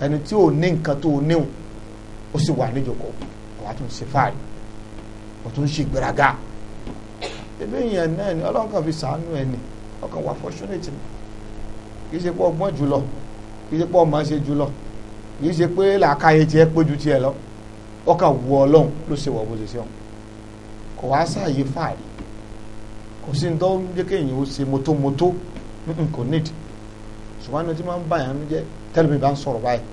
ẹni tí ò ní nǹkan tó o níwò ó sì wà níjòkó àwa tún ṣe fáàrí ó tún ṣe gbéraga ebi yẹn náà ni ọlọ́run fi sàánú ẹ ni ọkàn wà fọ́ṣúnẹ̀tì ni kì í ṣe pé ọgbọ́n jùlọ kì í ṣe pé ọmọ ṣe jùlọ kì í ṣe pé làákàyè tiẹ̀ pé ju tiẹ̀ lọ ọkàn wù ọlọ́run ló ṣe wọ̀ bó ṣe ṣe kò wá sáàyè fáàrí kò sí ní tó ń jẹ́ kéèyàn ó ṣe mọ́tómọ́tó kò nídìí ṣùgbọ́n ní o máa ń bàyàn jẹ́ tẹ́lẹ̀ mi bá ń sọ̀rọ̀ báyìí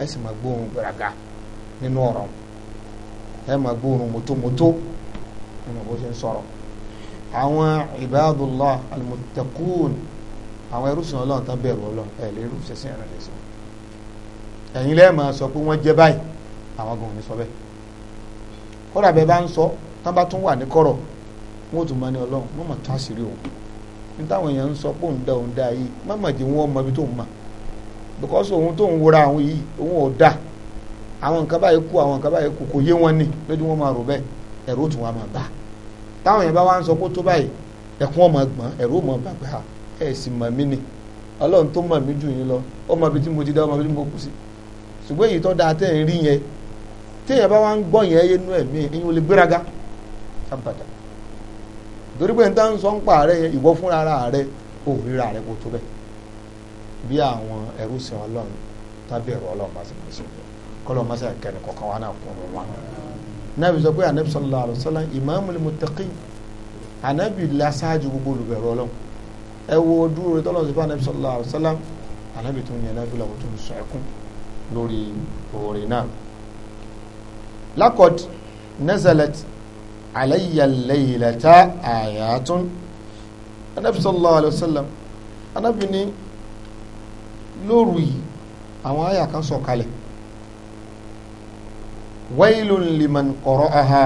ẹ sì máa gbóhùn gbàràgà nínú ọ̀rọ̀ ẹ máa gbóhùn mọ́tómọ́tó nínú bó ṣe ń sọ̀rọ̀ àwọn ibadullah almuttaqun àwọn ẹrúsìn ọlọ́run tán bẹ̀rù ọlọ́run ẹ̀ lè rú ṣẹṣin ẹ̀rọ ṣẹṣin ẹ̀yin lẹ́ẹ̀ máa sọ pé wọ́n jẹ́ báyìí àwọn gan ò ní sọ bẹ́ẹ̀ kódà bẹ́ẹ̀ bá ń sọ tán bá tún wà ní kọ̀rọ̀ wọn tún máa ní ọlọ́run wọ́n máa tún àṣírí òun ní èèyàn ń sọ pé òun dá òun dá yìí má mà jẹ́ wọ́n mọ ibi tó ń mà because òun tó ń wora àwọn yìí òun ò da àwọn nǹkan báyìí kú àwọn nǹkan báyìí kú kò yé wọn ni lójú wọn máa rò bẹ́ẹ̀ ẹ̀rù tí wọn máa bá táwọn yẹn bá wá ń sọ pé tó báyìí ẹ̀kún ọmọ gbọ̀n ẹ̀rù ọmọ bàbá ẹ̀ sì mọ̀ mí ni ọlọ́run tó mọ̀ mí jù yín lọ ọmọ ibi tí mo ti dá ọmọ ibi tí mo kù sí ṣùgbọ́n èyí tó dáa tẹ́ ẹ̀ rí yẹn téèyàn bá wá ń gbọ́ yẹn yé inú ẹ̀mí ẹ̀yin ò lè gbéraga sábàdà torí pé n ta sọ ń pa ààrẹ yẹn ìwọ fúnra ara rẹ òòrìra rẹ kò tó bẹ́ẹ̀ bí àwọn ẹrú sìn ọlọ́run tàbí ẹ̀rọ ọlọ́run bá sì máa ṣe kọ́lọ́ máa ṣe àkẹ́ni kọ̀ọ̀kan wa náà kún un wa. nábì sọ pé anabi sallallahu alaihi wasallam imamul muttaqin anabi lasáájú gbogbo olùbẹ̀rù ọlọ́run ẹ wo dúró rẹ tọ́lọ́ sọ pé anabi sallallahu alaihi wasallam anabi tó ń yẹn náà fúlàwọ̀ tó ń sọ ẹkún lórí oore náà. lakod nazalat alayya ayatun anabi sallallahu alaihi wasallam anabi ni lóru yìí àwọn àyà kan sọ kalẹ̀ wailun liman qara'aha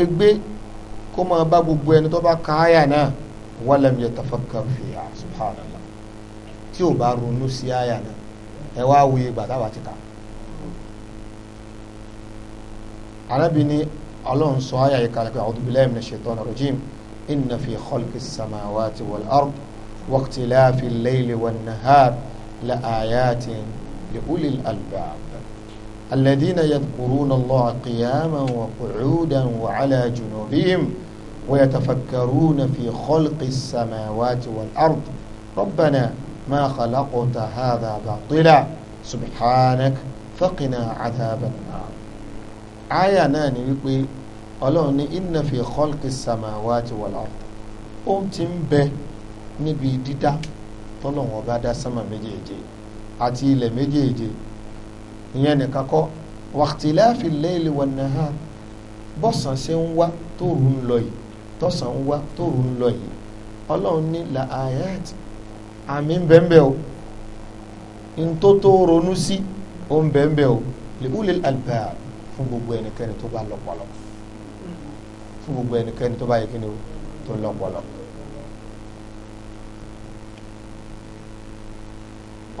ègbé kó máa bá gbogbo ẹni tó bá ka àyà náà walam yatafakkar fiha subhanallah tí ò bá ronú sí àyà náà ẹ wá wuye gbàdáwà ti ta arábìnrin ọlọ́run sọ àyà yìí kalẹ̀ pé a'udhu billahi minash shaitani rajim inna fi khalqis samawati wal ard wa ikhtilafil layli wan nahar. لآيات لأولي الألباب الذين يذكرون الله قياما وقعودا وعلى جنوبهم ويتفكرون في خلق السماوات والأرض ربنا ما خلقت هذا باطلا سبحانك فقنا عذاب النار آية ناني wípé ọlọ́run ní inna fi khalqi samawati wal ard ó tọ́lọ́wọ́n bá dá sánmà méjèèje àti ilẹ̀ méjèèje ìyẹn nìkan kọ́ wàhtíláàfì lẹ́ẹ̀lì wà náà bọ́sàn ṣe ń wá tóòrù ń lọ yìí tọ́sàn ń wá tóòrù ń lọ yìí ọlọ́run ní la ayat àmì ń bẹ́ẹ̀ o n tó tó ronú sí ó ń bẹ́ẹ̀ o lèbúlẹ̀ àlùbáà fún gbogbo ẹnikẹ́ni tó bá lọ́pọ̀lọ́ fún gbogbo ẹnikẹ́ni tó bá yẹ kí ni o tó lọ́pọ̀lọ́.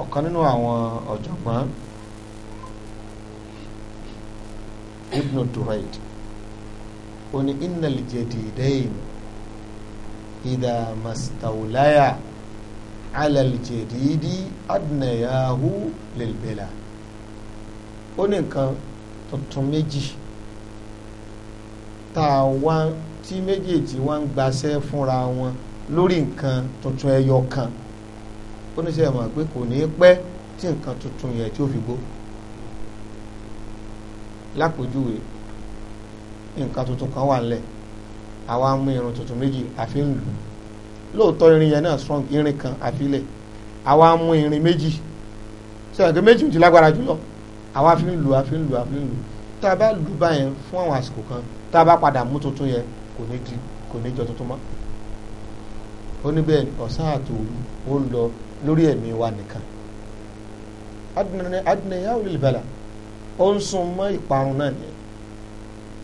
ọ̀kan nínú àwọn ọ̀jọ̀gbọ́n Ibn Durayd ó ní innal jadidain idha mastawlaya ala al-jadidi adnayahu lil-bila ó ní nǹkan tuntun méjì tá a tí méjèèjì wá ń gbaṣẹ́ fúnra wọn lórí nǹkan tuntun ẹyọ kan oníṣẹ́ mọ̀ pé kò ní pẹ́ tí nǹkan tuntun yẹn tí ó fi gbó lápòjúwe nǹkan tuntun kan wà nílẹ̀ àwa mú irun tuntun méjì àfi ń lù lóòótọ́ irin yẹn náà strong irin kan àfilẹ̀ àwa mú irin méjì sọ̀rọ̀ pé méjì ti lágbára jùlọ àwa fi ń lù àfi ń lù àfi ń lù tá a bá lù báyẹn fún àwọn àsìkò kan tá a bá padà mú tuntun yẹn kò ní di kò ní jọ tuntun mọ́ ó ní bẹ́ẹ̀ ọ̀sán àtòru ó ń lọ lórí ẹ̀mí wa nìkan ya ò lè bẹ̀rẹ̀ ó ń sún mọ́ ìparun náà ni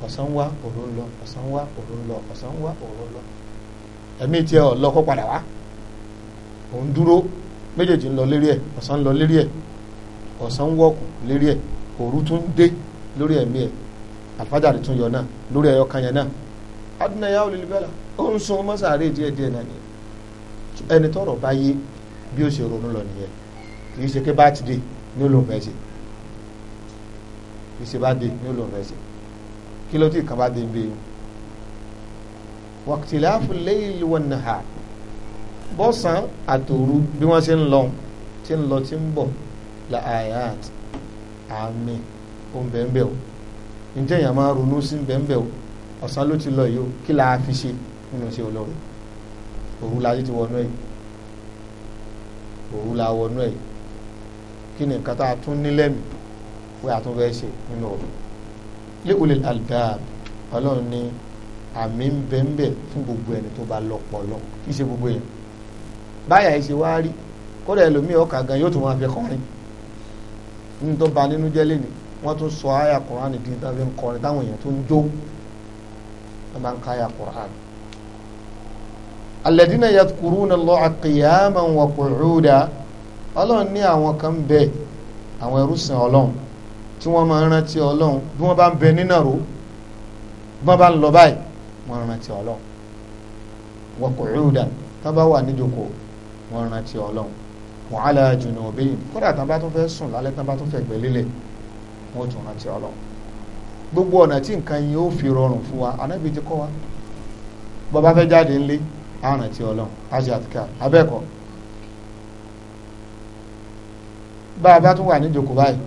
ọ̀sán wá òru ń lọ ọ̀sán wá òru ń lọ ọ̀sán wá òru ń lọ ẹ̀mí tiẹ̀ ọ̀ lọ kó padà wá òun dúró méjèèjì ń lọ lérí ẹ̀ ọ̀sán ń lọ lérí ẹ̀ ọ̀sán ń wọ̀kù lérí ẹ̀ òru tún dé lórí ẹ̀mí ẹ̀ àfájàre tún yọ náà lórí ẹ̀yọ kan yẹn náà adùnìyà ò lè bẹ̀rẹ̀ ó ń sún mọ́ sàárè díẹ̀díẹ̀ náà ni ẹni tọrọ bá yé bí ó ṣe ronú lọ nìyẹn kì í ṣe pé bá ti dé ní olóhùn fẹ́ ṣe kì í ṣe bá dé ní olóhùn fẹ́ ṣe kí ló ti kàn bá dé ń bẹ́ẹ̀ wàkìtìláfù layl wan nahar bọ́sàn àtòru bí wọ́n ṣe ń lọ tí ń lọ tí ń bọ̀ la ayat àmì òǹbẹ̀ǹbẹ̀ o ǹjẹ́ èèyàn máa ronú sí bẹ̀ǹbẹ̀ o ọ̀sán ló ti lọ yìí o kí la fi ṣe nínú iṣẹ́ olóore òru la ti wọnú ẹ̀yìn òru la wọnú ẹ̀ kí ni nǹkan tá a tún nílẹ̀ mi pé a tún fẹ́ ṣe nínú òru lẹ́kọ̀ọ́lẹ̀ albab ọlọ́run ní àmì ń bẹ ń bẹ fún gbogbo ẹni tó bá lọ́pọlọ kì ṣe gbogbo yẹn báyà ẹ ṣe wá rí kódà ẹlòmíì ọkà gan yóò tún máa fi kọrin ní tó ba nínú jẹ́ lẹ́nu wọ́n tún sọ àyà kùránì dín tá a fi ń kọrin táwọn èèyàn tó ń jó wọ́n máa ń ka àyà kùránì alladhina yadhkuruna Allaha qiyaman wa qu'uda ọlọ́run ní àwọn kan bẹ àwọn ẹrúsìn ọlọ́run tí wọ́n máa ń rántí ọlọ́run bí wọ́n bá ń bẹ nínà ró bí wọ́n bá ń lọ báyìí wọ́n rántí ọlọ́run wa qu'uda tá bá wà níjókòó wọ́n rántí ọlọ́run wa ala junubihim kódà tán bá tún fẹ́ sùn lálẹ́ tán bá tún fẹ́ gbẹ́lélẹ̀ wọ́n tún rántí ọlọ́run gbogbo ọ̀nà tí nǹkan yìí ó fi rọrùn fún wa anábìyí kọ́ wa bàbá fẹ́ jáde ńlé àrùn ti ọlọ́run àti àtìkà abẹ́ẹ̀kọ́ bá a bá tún wà níjòkó báyìí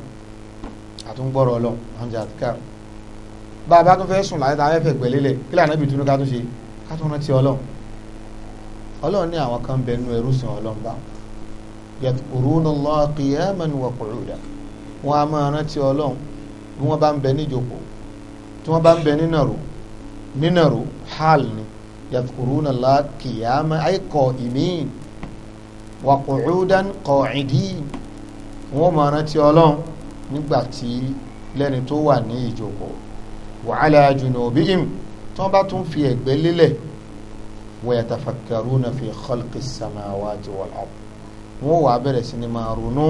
àtúngbọ́rọ̀ ọlọ́run àti àtìkà bá a bá tún fẹ́ sùn láyé tá a fẹ́ fẹ́ gbẹ̀lélẹ̀ kí lànà ibi tún ká tún ṣe ká tún rántí ọlọ́run ọlọ́run ní àwọn kan bẹ nínú ẹrú sìn ọlọ́run bá yadhkuruna Allaha qiyaman wa qu'udan wọn a máa rántí ọlọ́run bí wọ́n bá ń bẹ níjòkó tí wọ́n bá ń bẹ nínàró nínàró hàl ni yadhkuruna Allah qiyaman ay qa'imin wa qu'udan qa'idin wọ́n máa rántí ọlọ́run nígbà tí lẹ́ni tó wà ní ìjókòó wa ala junubihim tí wọ́n bá tún fi ẹ̀gbẹ́ lélẹ̀ wa yatafakkaruna fi khalqis samawati wal ard wọ́n wà bẹ̀rẹ̀ sí ni ronú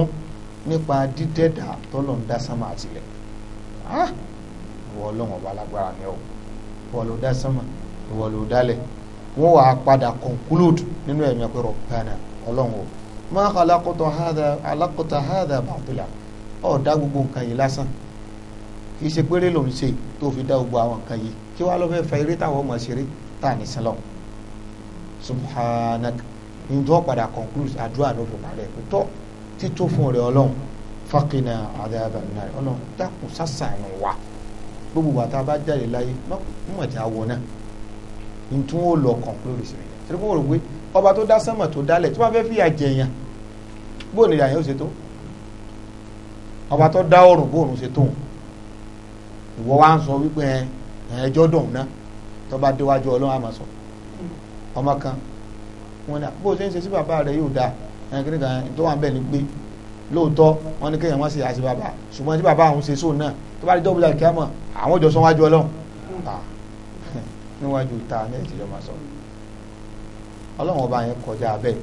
nípa dídẹ́dà tọ́lọ̀ ń dá sánmà àtìlẹ̀ ah wọ́n ọlọ́run ọba alágbára ni ó wọ́n ló dá sánmà ìwọ ló dálẹ̀ wọ́n wàá padà conclude nínú ẹ̀mí pé Rabbana ọlọ́run o máa khalaqta hadha alákọ̀tà hadha batila ọ̀ dá gbogbo nǹkan yìí lásán kì í ṣe péré ló ń ṣe tó fi dá gbogbo àwọn nǹkan yìí kí wàá lọ fẹ́ fẹ́ eré táwọn ọmọ ṣeré tá à ní sílọ̀ subhanak njọ́ padà conclude àdúrà ló fi parẹ́ pé tọ́ fún rẹ ọlọ́run faqina adhaban nar ọlọ́run dákun sásà ẹ̀wọ̀n wa gbogbo bàtà bá jáde láyé mọ̀jà wọ náà ntun ó lọ conclude sí rẹ̀ torí kò rò pé ọba tó dá sánmọ̀ tó dálẹ̀ tó bá fẹ́ fìyà jẹyàn bóun ìyá yẹn ó ṣe tó ọba tó dá ọrùn bóun ṣe tó ìwọ wa ń sọ wípé ẹjọ́ dùn ná tó bá déwájú ọlọ́run àmọ́ sọ ọmọ kan wọn ni ah, bó ṣe ń ṣe sí bàbá rẹ yóò dáa ẹnikẹ́ni kan tó wà ń bẹ̀ ni pé lóòótọ́ wọn ní kéèyàn wọn ṣe àṣìbàbà ṣùgbọ́n tí bàbá àwọn ṣe sóun náà tó bá dé dọ́bùdà kíámọ̀ àwọn ìjọsọ wájú ọlọ́run ah. níwájú ta ní ètò ìjọba sọ̀rọ̀ ọlọ́run ọba yẹn kọjá bẹ́ẹ̀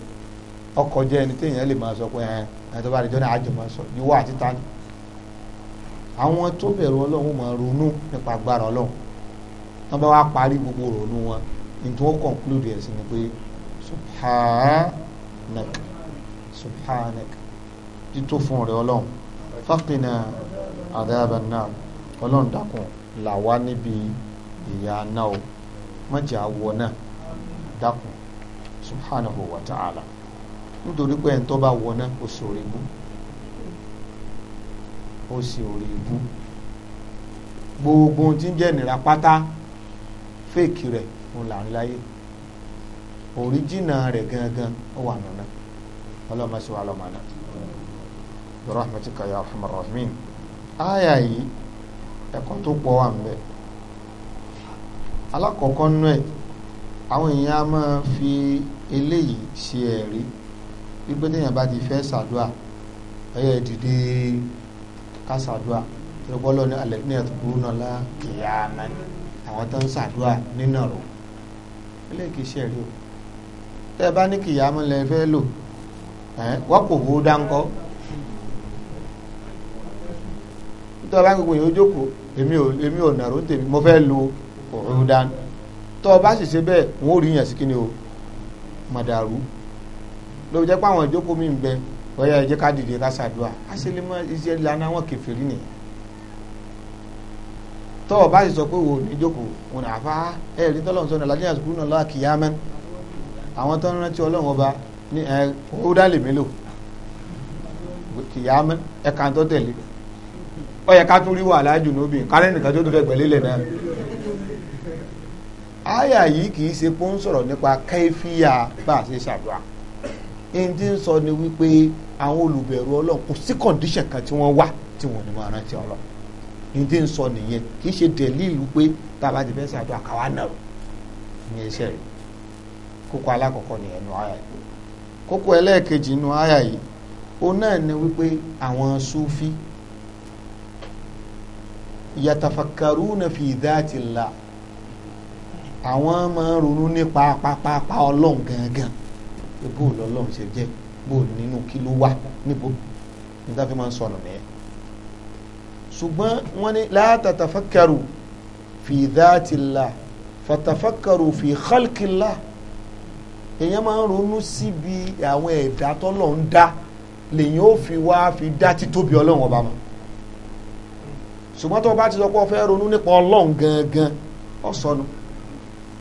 ọkọ̀ jẹ́ ẹni lè máa sọ pé ẹ̀ ẹ̀ tó bá di jọ́nà àjọ máa sọ àti ta ni àwọn tó bẹ̀rù ọlọ́run máa ronú nípa agbára ọlọ́run wọ́n bá wá parí gbogbo ronú wọn wọ́n conclude ẹ̀ sí ni pé subhanak subhanak fún ọlọ́run ọlọ́run làwa níbi náà o. mọ̀jà wọ náà dákun subhanahu wa ta'ala nítorí pé ẹ̀ńtọ́ bá wọ náà ó sì orí ibú ó sì orí ibú gbogbo ohun tí ń jẹ́ ìnira pátá fèkì rẹ̀ òun là ń láyé òríjìnà rẹ̀ gangan ó wà nù náà ọlọ́mọ sí wa lọ́mọ náà rahman aya yìí ẹ̀kọ́ tó pọ̀ wà ń bẹ́ẹ̀ alákọ̀ọ́kọ́ nú ẹ̀ àwọn èèyàn a máa fi eléyìí ṣe ẹ̀rí wípé téèyàn bá ti fẹ́ ṣàdúà ẹ̀yẹ dìde ká ṣàdúà ìrọ̀pọ̀lọ́ ní alẹ́ ní ẹ̀tùkúrú náà lá kìyà mẹ́ni àwọn tó ń ṣàdúà nínà rò eléyìí kì í ṣe ẹ̀rí o tẹ́ ẹ bá ní kìyà mọ́ lẹ fẹ́ lò wọ́n kò hó dáńkọ́ nítorí bá ń gbogbo yẹn ó jókòó èmi ò nàró tèmi mo fẹ́ lo ọ̀rọ̀dán tó o bá sì ṣe bẹ́ẹ̀ wọ́n ò rí yàn sí kí o mọ̀dàrú ló jẹ́ pé àwọn ìjókòó mi ń bẹ ọ̀yà ẹ̀jẹ̀ ká dìde ká ṣàdúrà á ṣe lè mọ iṣẹ́ lana wọn kẹfìrí nìyẹn tó o bá sì sọ pé wo ìjókòó wọn ni àfa ẹ̀rí tọ́lọ́run sọ̀rọ̀ ládé àsìkò náà lọ́wọ́ kìyàmẹ́ àwọn tó ń rántí ọlọ́run ọba ní ẹ̀ ọ̀rọ̀dán lèmi lò kìyàmẹ́ ẹ̀ka tó tẹ̀lé ọ̀yà ká tún rí wàhálà jù nóbì kálẹ̀ nìkan tó tó fẹ́ gbẹ̀lélẹ̀ náà àyà yìí kì í ṣe pé ó ń sọ̀rọ̀ nípa kẹ́fíà bá a ṣe ṣàdúrà ẹni tí ń sọ ni wípé àwọn olùbẹ̀rù ọlọ́run kò sí kọ̀ǹdíṣàn kan tí wọ́n wà tí wọ́n ní máa rántí ọlọ́run ẹni tí ń sọ nìyẹn kì í ṣe dẹ̀líìlú pé bàbá ti fẹ́ ṣàdúrà káwá náà ní iṣẹ́ rẹ̀ kókó alákọ̀ọ́kọ́ nìyẹn nù àyà yìí kókó ẹlẹ́ẹ̀kejì nù àyà yìí òun náà ni wípé àwọn súfí yatafakkaruna fi dhati Allah àwọn máa ń ronú nípa pápápá ọlọ́run gangan bó lọ́lọ́run ṣe jẹ́ bó nínú kí ló wà níbo níta fi máa ń sọnù nìyẹn ṣùgbọ́n wọ́n ní la tatafakkaru fi dhatillah fatafakkaru fi khalqillah èèyàn máa ń ronú síbi àwọn ẹ̀dá tọ́lọ̀ ń dá lèyìn ó fi wá fi dá títóbi ọlọ́run ọba mọ́ ṣùgbọ́n tó o bá ti sọ pé o fẹ́ ronú nípa ọlọ́run gangan ọ̀sọ́nu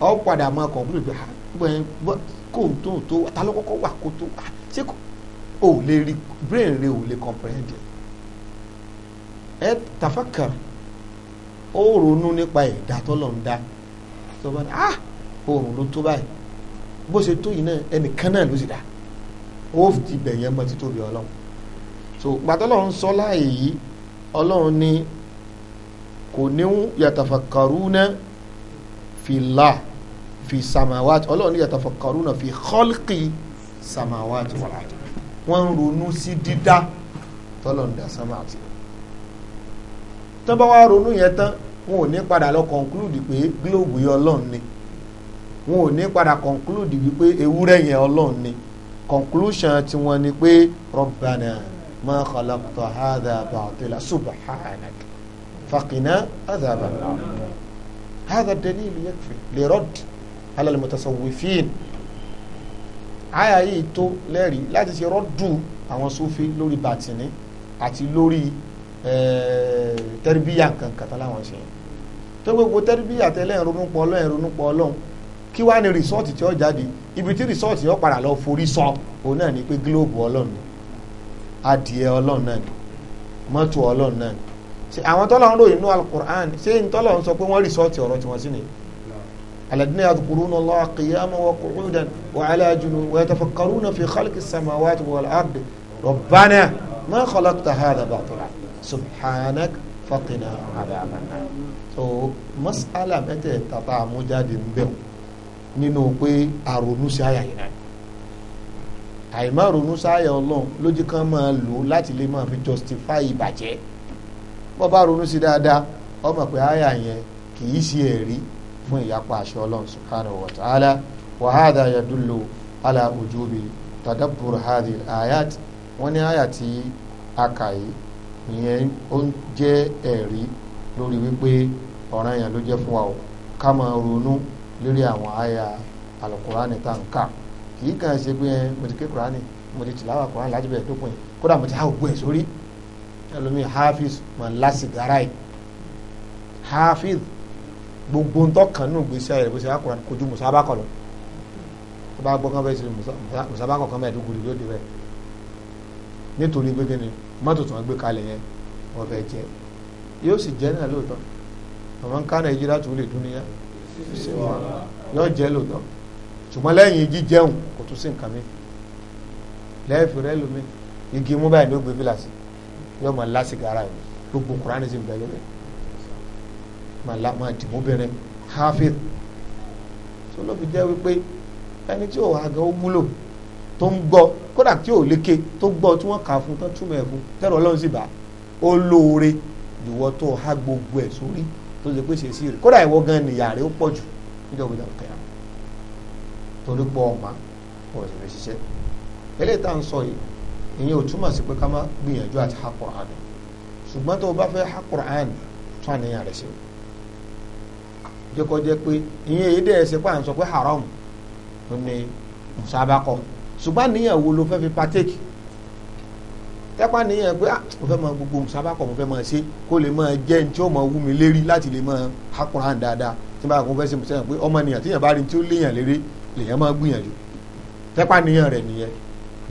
ọ padà máa kọ̀ọ̀mù ìgbà kò tó tó ta ló kọ́kọ́ wà kó tó ah, ṣé o lè rí brain rẹ ò lè comprehend ẹ tafakar ó ronú nípa ẹ̀dá tọ́lọ̀ ń dá tó bá ní ah oòrùn ló tó báyìí bó ṣe tó yìí náà ẹnìkan náà ló sì dá ó ti bẹ̀ yẹn mọ́ títóbi ọlọ́run so gbàtọ́lọ́run sọ láàyè yìí ọlọ́run ní kò ní yàtàfàkàrú náà fi la fi samawati ọlọ́run ní yatafakkaruna fi khalqi samawati wal ardi wọ́n ń ronú sí dídá tọ́lọ̀ ń dá sánmà àti ilẹ̀ tán bá wá ronú yẹn tán wọn ò ní padà lọ conclude pé gílóòbù yẹn ọlọ́run ni wọn ò ní padà conclude wípé ewúrẹ́ yẹn ọlọ́run ni conclusion tiwọn ni pé rabbana ma khalaqta hadha batila subhanak faqina adhaban nar. هذا الدليل يكفي لرد على المتصوفين àyà yìí tó lẹ́rìí láti ṣe rọ́dù àwọn sufi lórí bàtìní àti lórí eh, tẹ́rìbíyà kankan tá láwọn ṣe tó gbogbo tẹ́rìbíyà tẹ́lẹ̀ ronúpọ̀ ọlọ́run ronúpọ̀ ọlọ́run kí wàá ní rìsọ́ọ̀tì tí ó jáde ibi tí rìsọ́ọ̀tì yóò padà lọ forí sọ òun náà ni pé gílóòbù ọlọ́run ṣe àwọn tọ́lọ̀ ń ròyìn ní alukur'an ṣé n tọ́lọ̀ ń sọ pé wọ́n rìsọ́ọ̀tì ọ̀rọ̀ tí wọ́n sí ni alladhina yadhkuruna Allaha qiyaman wa qu'udan wa ala junubihim wa yatafakkaruna fi khalqi samawati wal ardi rabbana ma khalaqta hadha batila subhanak faqina adhaban nar so mas'ala mẹ́tẹ̀ẹ̀ta tá a mú jáde ń bẹ̀rù nínú pé àrònú sí àyà yìí náà àìmọ́ àrònú sáyà ọlọ́run lójú kan máa láti lè máa fi justify ìbàjẹ́ bọ́ bá ronú sí dáadáa ó mọ̀ pé àyà yẹn kì í ṣe ẹ̀rí fún ìyapa àṣẹ ọlọ́run subhanahu wa ta'ala wa hadha yadullu ala ujubi tadabbur hadhihi al-ayat wọ́n ní àyà tí a kà yìí ìyẹn ó ń jẹ́ ẹ̀rí lórí wípé ọ̀ràn yẹn ló jẹ́ fún wa o ká máa ronú lórí àwọn àyà alukurani tá n kà kì í kàn ṣe pé mo ti ké kurani mo ti tìláwà kurani lájú bẹ́ẹ̀ dópin kódà mo ti há ògbó ẹ̀ sórí ẹlòmíì hafiz malasi lásìgárá hafiz gbogbo ntọ́kàn nù gbèsè ayẹyẹ bó ṣe wá kúrò kojú musaba kọ lọ tó bá gbọ́ kán bẹ́ẹ̀ ṣe musaba kọ̀ kán bẹ́ẹ̀ dúgbò lóde lóde bẹ́ẹ̀ nítorí gbégbé ni mọ́tò tó wọn gbé kalẹ̀ yẹn wọ́n fẹ́ jẹ́ yóò sì jẹ́ náà lóòótọ́ àwọn ń ká nàìjíríà tó lè dúnìyà yóò jẹ́ lóòótọ́ ṣùgbọ́n lẹ́yìn jíjẹun kò tún sí nǹkan mi lẹ́ẹ̀fì rẹ igi mú báyìí ló gbé fìlà yóò máa lásìkò ara yìí gbogbo kuraani sì ń bẹ lórí máa la máa dìbò bẹ̀rẹ̀ hafiz tó ló fi jẹ́ wípé ẹni tí ò àgẹ́ ó múlò tó ń gbọ́ kódà tí ò léke tó gbọ́ tí wọ́n kà á fún tán túmọ̀ ẹ̀ fún ọlọ́run sì bá ó lóore ìwọ tó há gbogbo ẹ̀ sórí tó ṣe pé ṣe sí rẹ̀ kódà ìwọ gan nìyà rẹ̀ ó pọ̀ jù níjọba ìjọba kẹyà torí pọ̀ ọ̀ma ọ̀sẹ̀ fẹ́ ṣiṣẹ́ eléyìí tá à ń sọ yìí ìyẹn ò túmọ̀ sí pé ká má gbìyànjú àti ha Qur'an ṣùgbọ́n tó o bá fẹ́ ha Qur'an tún àníyàn rẹ̀ ṣe jẹ́kọ́jẹ́ pé ìyẹn èyí dẹ̀ ṣe pé à ń sọ pé haram ó ní musabakọ ṣùgbọ́n àníyàn wo ló fẹ́ fi partake tẹ́pá níyàn pé ah, mo fẹ́ mọ gbogbo musabakọ mo fẹ́ mọ ṣe kó lè mọ jẹ́ ní tí ó mọ wú mi lérí láti lè mọ ha Qur'an dáadáa tí bá kún fẹ́ ṣe mo sẹ́yìn pé ọmọ nìyàn tíyàn bá rí tí ó léyàn léré lèyàn máa gbìyànjú tẹ́pá níyàn rẹ̀ nìyẹn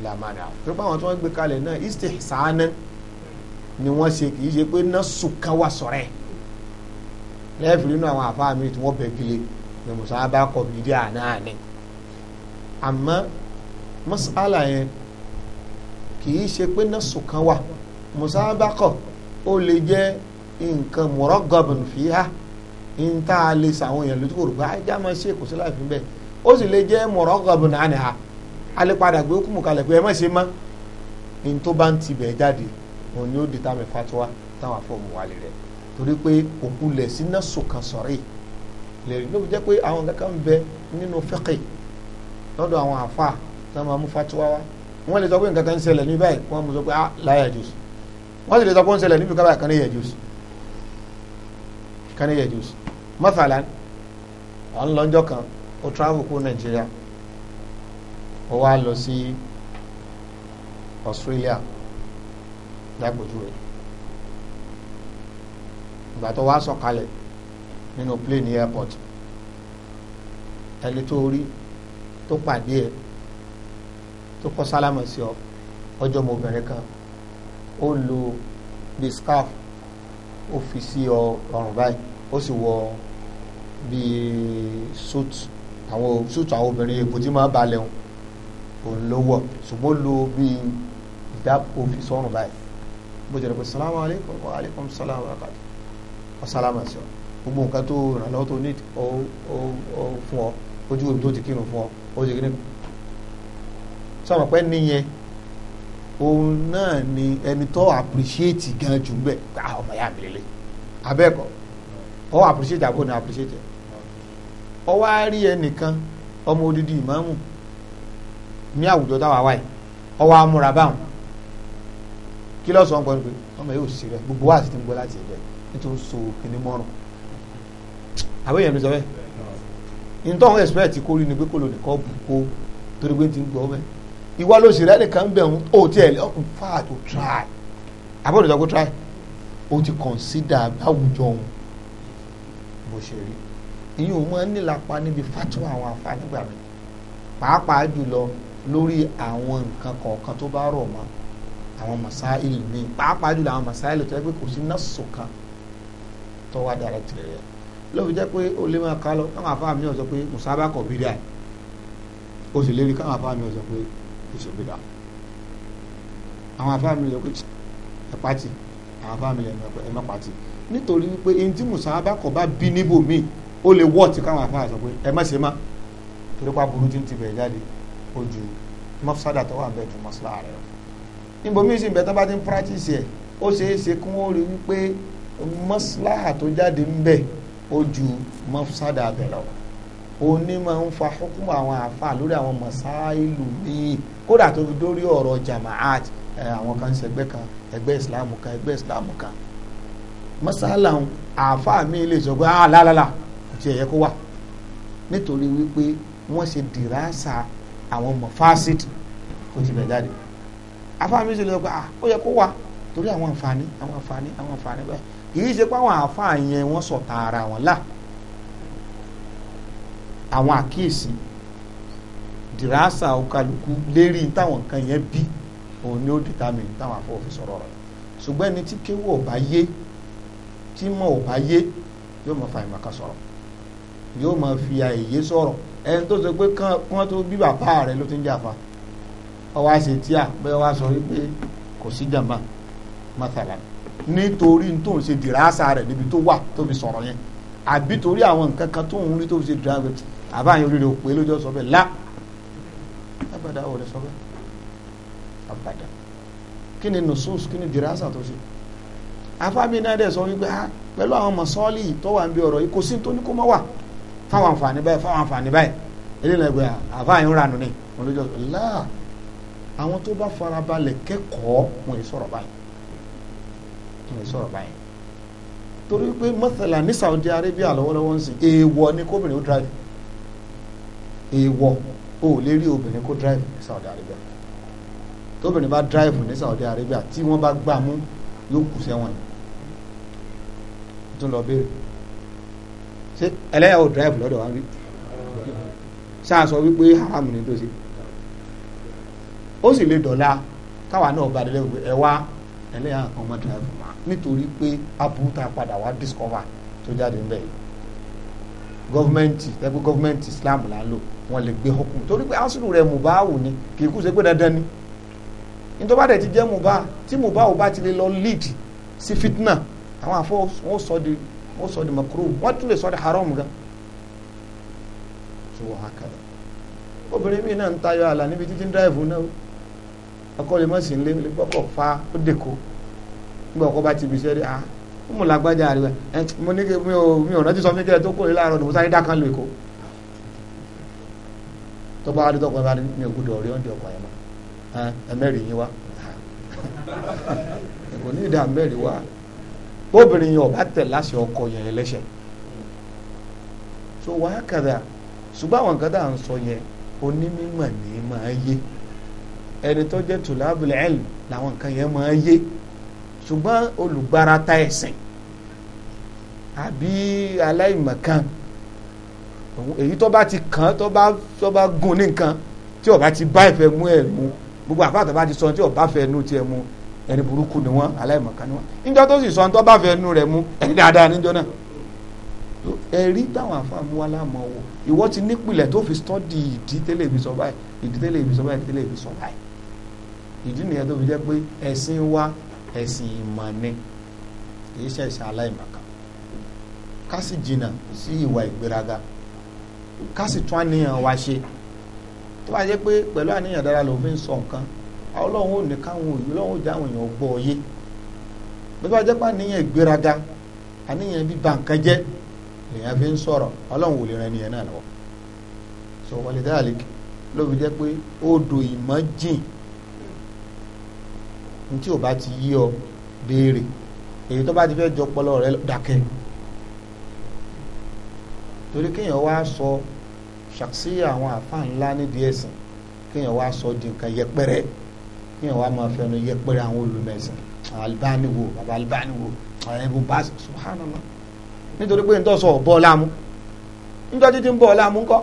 lamada tó bá wọn tí wọn gbé kalẹ̀ náà istihsanan ni wọn ṣe kì í ṣe pé nọ́ọ̀sù kan wà sọ̀rẹ́ lẹ́ẹ̀fì nínú àwọn àfáà mi tí wọ́n bẹ̀ kile ní musa bá kọ bìdí àná ni àmọ́ masala yẹn kì í ṣe pé nọ́ọ̀sù kan musa bá kọ ó lè jẹ́ nǹkan muragabun fiha ń tá lè sàwọn èèyàn lójú kò rò ajá máa ṣe kò sí bẹ́ẹ̀ ó sì lè jẹ́ muragabun anha alẹ́ padà gbé kùmù kalẹ̀ pé ẹ má ṣe mọ́ ní tó bá ń tibẹ̀ jáde òun ni ó di táwọn fatuwa táwọn afọ́ọ̀mù wà lè rẹ̀ torí pé òkú lẹ̀ sí náà sọ̀kan sọ̀rí lẹ́rìí ló fi jẹ́ pé àwọn kankan ń bẹ nínú fiqh lọ́dọ̀ àwọn àfa táwọn máa mú fatuwa wá wọ́n lè sọ pé nǹkan kan ń ṣẹlẹ̀ ní wọ́n mú sọ pé ah la yajuz wọ́n sì lè sọ pé ó ń ṣẹlẹ̀ níbi kábàá kan ní yajuz kan ní yajuz mathalan à ń lọ́jọ́ kan ó travel kó Nàìjíríà ó wá lọ sí Australia lágbòjúwe ìgbà tó wá sọ̀kalẹ̀ nínú plane airport ẹni tó rí tó pàdé ẹ tó kọ sálámà sí ọ ọjọ́ ọmọbìnrin kan ó lo bí scarf ó fi sí ọ ọrùn báyìí ó sì wọ bí suit àwọn suit àwọn obìnrin èbò tí máa balẹ̀ wọn òun ló wọ̀ ṣùgbọ́n lo bí ìdá òfin sọ́run báyìí bó jẹ́ pé salamu aleykum wa aleykum salamu aleykum wa salamu aleykum gbogbo nǹkan tó ràn lọ́wọ́ tó ní fún ọ ojú omi tó ti kírun fún ọ ó ti kírun sọ̀rọ̀ pé nìyẹn òun náà ni ẹni tó appreciate gan jù bẹ́ẹ̀ gba ah, ọmọ ya mi lélẹ̀ abẹ́ẹ̀kọ́ ọ appreciate àbò ní appreciate ọ wá rí ẹnìkan ọmọ odidi ìmáàmù ní àwùjọ táwa wáyé ọwọ́ amúra báwọn kí ló sọ ń pọ̀ ní pé ọmọ yóò sí rẹ gbogbo wa sì ti ń gbọ́ láti ẹ̀jẹ̀ nítorí so kìnnì mọ́rùn àbẹ̀yẹ̀ mi sọ bẹ́ẹ̀ nítorí àwọn expect kó ni pé kò lò nìkan bù kó torí pé ti ń gbọ́ bẹ́ẹ̀ ìwọ ló sì rẹ nìkan bẹ̀ ń o tiẹ̀ in fact o try àbọ̀dọ̀ sọ pé try o ti consider àwùjọ òun bó ṣe rí ìyẹn òun máa ń nílapa níbi fatuwa àwọn afánígbà mi pàápàá jùlọ lórí àwọn nǹkan kọ̀ọ̀kan tó bá rọ̀ mọ́ àwọn masáìlì mi pàápàá jùlọ àwọn masáìlì tó yẹ pé kò sí nọ́ọ̀sù kan tó wá dára tìrẹ̀ rẹ̀ lọ́wọ́ fi jẹ́ pé ó lé máa ká lọ káwọn afáà mi ò sọ pé musaba kọ̀ bídà ó sì lérí káwọn afáà mi ò sọ pé èso bídà àwọn afáà mi ò sọ pé pàtì àwọn afáà mi ẹ má pàtì nítorí wípé ẹni tí musaba kọ̀ bá bí níbòmíì ó lè wọ́ọ̀tì káwọn afáà sọ pé ẹ má ṣe má torí pa burú tí ń ti bẹ̀rẹ̀ jáde ó ju mọ́fúsádà tó wà bẹ́ẹ̀ ju mọ́sálà rẹ̀ lọ. níbo mi sì ti ń practice ẹ̀ ó ṣeé ṣe wípé tó jáde ń bẹ̀ ju mọ́fúsádà lọ. òní máa ń fa hukum àwọn àfa lórí àwọn míì kódà tó fi dórí ọ̀rọ̀ jamaat àwọn kan kan ẹgbẹ́ islamu kan ẹgbẹ́ islamu kan mọ́sálà àfa mi lè sọ pé ah kò tiẹ̀ yẹ kó wà àwọn mafasid ó ti bẹ̀ jáde afáàmì sì lọ pé ah ó yẹ kó wà torí àwọn àǹfààní àwọn àǹfààní àwọn àǹfààní bẹ́ẹ̀ kì í ṣe pé àwọn àáfàá yẹn wọ́n sọ tààrà wọn là àwọn àkíyèsí dìrásà òkàlùkù lérí táwọn nǹkan yẹn bí òun ni ó determine táwọn afọ́fin sọ̀rọ̀ rẹ̀ ṣùgbọ́n ẹni tí kéwù ọ̀bá yé tí mọ̀ ọ̀bá yé yóò máa fa ìmọ̀ká sọ̀rọ̀ yóò máa fi àìyé sọ̀rọ̀ ẹni tó sọ pé kán tó bí bàbá rẹ̀ ló ti ń jàfa ọwọ́ àṣetíà bẹ́ẹ̀ wá sọ wípé kò sí jàmbá mọ́tàlá nítorí tó ń ṣe dìrasa rẹ̀ níbi tó wà tó fi sọ̀rọ̀ yẹn àbí torí àwọn nǹkan kan tó ń rí tó fi ṣe dìrasa rẹ̀ àbáyọ orí rẹ̀ ò pé lójó sọ bẹ́ẹ̀ lá abada ò lè sọ bẹ́ẹ̀ abada kí ni nusus kí ni dìrasa tó ṣe afábí sọ wípé ah, pẹ̀lú àwọn mọ̀sọ́ọ̀lì tó wà ń bí ọ̀rọ̀ yìí kò sí tó kó mọ́ wà fáwọn àǹfààní báyìí fáwọn àǹfààní báyìí eléyìí lẹ́gbẹ̀ẹ́ àfa yìí ń ranù ni wọn lójó láà àwọn tó bá farabalẹ̀ kẹ́kọ̀ọ́ wọn yìí sọ̀rọ̀ báyìí wọn yìí sọ̀rọ̀ báyìí torí pé mọ́tàlá ní Saudi Arabia lọ́wọ́lọ́wọ́ ń sìn èèwọ̀ ni kóbìnrin ó drive èèwọ̀ o ò lè rí obìnrin kó drive ní Saudi Arabia tóbìnrin bá drive ní Saudi Arabia tí wọ́n bá gbà mú yóò kù sẹ́wọ̀n ni tó lọ béèrè ṣé ẹlẹ́yà ò drive lọ́dọ̀ wa rí ṣáà sọ wípé haram ni tó ṣe ó sì lè dọ̀la táwa náà bá délé ẹ wá ẹlẹ́yà kan mọ́ drive mọ́ nítorí pé aburú tá a padà wá discover tó jáde ń bẹ̀ yìí gọ́fúmẹ́ǹtì ẹgbẹ́ gọ́fúmẹ́ǹtì Islam là ń lò wọ́n lè gbé hukum torí pé asunu rẹ̀ mùbáwò ni kì í kú ṣe pé dandan ni nítorí bá dẹ̀ ti jẹ́ mùbá tí mùbá ò bá ti lè lọ lead sí fitna àwọn àfọwọ́sọ di wọ́n sọ de makruh wọ́n tún lè sọ di haram gan tó wọ́n hakada obìnrin mi náà ń tayọ àlà níbi títí ń dáìfù náà ọkọ lè mọ̀ sí ilé gbọ́kọ̀ fa ó dèkó nígbà ọkọ bá ti bì sẹ́rí ah mo làgbájá rẹ ẹ eh, mo ní kí mi ò mi ò rántí sọ fún kí ẹ tó kórè láàárọ̀ ní mo sáré dákan lè kó tọ́gbà wa dúdú ọkọ ẹ bá mi ò gbúdọ̀ rí ọ́ndì ọkọ ẹ mọ́ eh, ẹ mẹ́rin yín wá kò ní ìdá mẹ́rin wá bóbìnrin yẹn ọba tẹ̀ láṣẹ ọkọ yẹn ẹlẹ́ṣẹ̀ so wàá kàdà ṣùgbọ́n àwọn nǹkan tá à ń sọ yẹn onímọ̀ ni máa yé ẹni tó jẹ́ tùlábùl ilm làwọn nǹkan yẹn máa yé ṣùgbọ́n olùgbára ta ẹ̀sìn àbí aláìmọ̀kan èyí tó bá ti kàn tó bá tó bá gùn ní nǹkan tí ó bá ti bá ìfẹ́ mú ẹ̀ mú gbogbo àfáàtà bá ti sọ tí ó fẹ́ nú tiẹ̀ mú ẹni burúkú ni wọn aláìmọ̀kan ni wọn níjọ́ tó sì sọ tó bá fẹ́ nu rẹ̀ mú ẹni dáadáa níjọ́ náà ẹ̀rí táwọn afáàmù wa láàmú ọwọ́ ìwọ ti nípìnlẹ̀ tó fi stọ́dì ìdí tẹ́lẹ̀ ibi sọ báyìí ìdí tẹ́lẹ̀ ibi sọ báyìí tẹ́lẹ̀ ibi báyìí ìdí nìyẹn tó fi jẹ́ pé ẹ̀sìn wa ẹ̀sìn ìmọ̀ ni kìí ṣe ẹ̀sìn aláìmọ̀kan ká sì jìnnà sí ìwà ìgbéraga ká sì tún àníyàn wa ṣe tó bá jẹ́ pé pẹ̀lú àníyàn dára ló fi ń sọ nǹkan ọlọ́run ò ní káwọn òye ọlọ́run jẹ́ àwọn èèyàn gbọ́ ọyé bí wọ́n jẹ́ pé àníyàn ìgbéraga àníyàn bíba nǹkan jẹ́ fi ń sọ̀rọ̀ ọlọ́run ò lè ran ènìyàn náà so ló jẹ́ pé odò ìmọ̀ jìn ní tí ti yí ọ béèrè èyí tó bá ti fẹ́ jọ torí kéèyàn wá sọ àwọn ńlá nídìí ẹ̀sìn kéèyàn wá kí wọn wá máa fẹnu yẹpẹrẹ àwọn olùmẹsìn àwọn Albani wo baba Albani wo àwọn ẹbí bá subhanallah nítorí pé ntọ́sọ̀ bọ́ láàmú ntọ́ títí ń bọ́ láàmú ńkọ́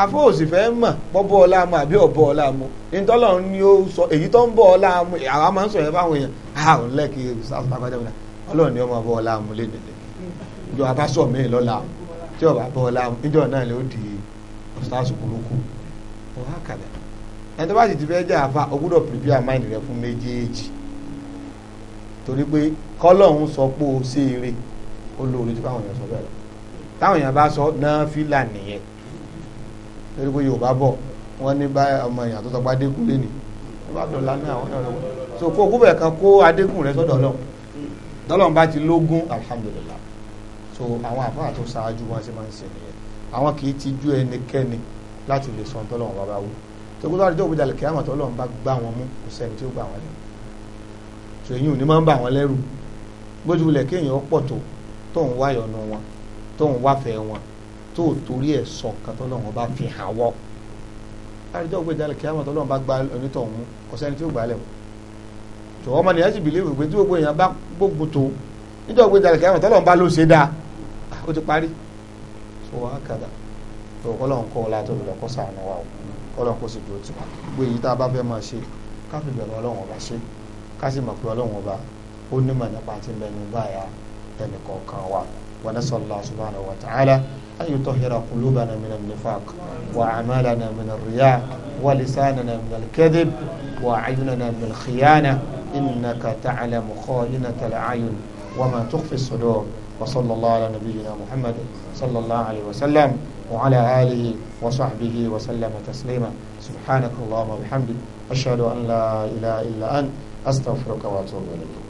àfọwọ́sì fẹ́ mọ̀ bọ́ bọ́ láàmú àbí ọ̀bọ́ láàmú ntọ́lọ̀ ni ó sọ èyí tó ń bọ́ láàmú àwa máa ń sọ yẹn fáwọn èèyàn àwọn lẹ́kì sàkọ́jọ́mọ́lá ọlọ́run ni ó máa bọ́ láàmú lédèdè ìjọ abásọ̀ mi lọ́la tí ọba bọ́ láàmú ìjọ náà ló di ọ̀sán àsùkúrúkú ọ̀hákàlẹ̀ ẹni tó bá sì ti fẹ́ jẹ́ àfa o gbúdọ̀ prepare mind rẹ fún méjèèjì torí pé kọ́lọ́hún sọ pé o ṣe eré ó lo orí tí báwọn èèyàn sọ bẹ́ẹ̀ lọ táwọn èèyàn bá sọ náà fílà nìyẹn torí pé Yorùbá bọ̀ wọ́n ní bá ọmọ èèyàn tó tọpa adékun lé ní bá dọ̀la ní àwọn ọ̀rọ̀ wọn so kó kó bẹ̀ẹ̀ kan kó adékun rẹ sọ́dọ̀ Ọlọ́run tọ́lọ́run bá ti lógún alhamdulillah so àwọn àfáà tó ṣáájú wọn ṣe máa ń ṣe nìyẹn àwọn kì í ti ju ẹnikẹ́ni láti lè sọ tọ́lọ́run bàbá wù tòkútọ́ àdìjọ́ òbí dàlẹ̀ kíámà tó lọ́n bá gbá wọn mú kò sẹ́ni tí ó gbà wọn lẹ́rù tó èyí ò ní máa ń bà wọn lẹ́rù gbójú ilẹ̀ kéèyàn pọ̀ tó tó ń wá ìyọnu wọn tó ń wáfẹ́ wọn tó torí ẹ̀ sọ kan tó lọ́n bá fi hàn wọ́ àdìjọ́ òbí dàlẹ̀ kíámà tó lọ́n bá gbá onítọ̀ mú kò sẹ́ni tí ó gbà lẹ́rù tó tó níjọ́ òbí dàlẹ̀ ti parí tó wàá kàdà tó kọ́lọ́n kó sì dúró tì wá gbogbo èyí tá a bá fẹ́ máa ṣe ká fi bẹ̀rù ọlọ́run ọba ṣe ká sì mọ̀ pé ọlọ́run ọba ó nímọ̀ nípa ti mẹ́nu báyà ẹnìkọ̀ọ̀kan wa wa nasallahu subhanahu wa ta'ala an yutahhira qulubana min an-nifaq wa a'malana min ar-riya wa lisanana min al-kadhib wa a'yunana min al-khiyana innaka ta'lamu kha'inata al-a'yun wa ma tukhfi as wa sallallahu ala nabiyyina muhammad sallallahu alayhi wa sallam وعلى آله وصحبه وسلم تسليما سبحانك اللهم وبحمدك أشهد أن لا إله إلا أنت أستغفرك وأتوب إليك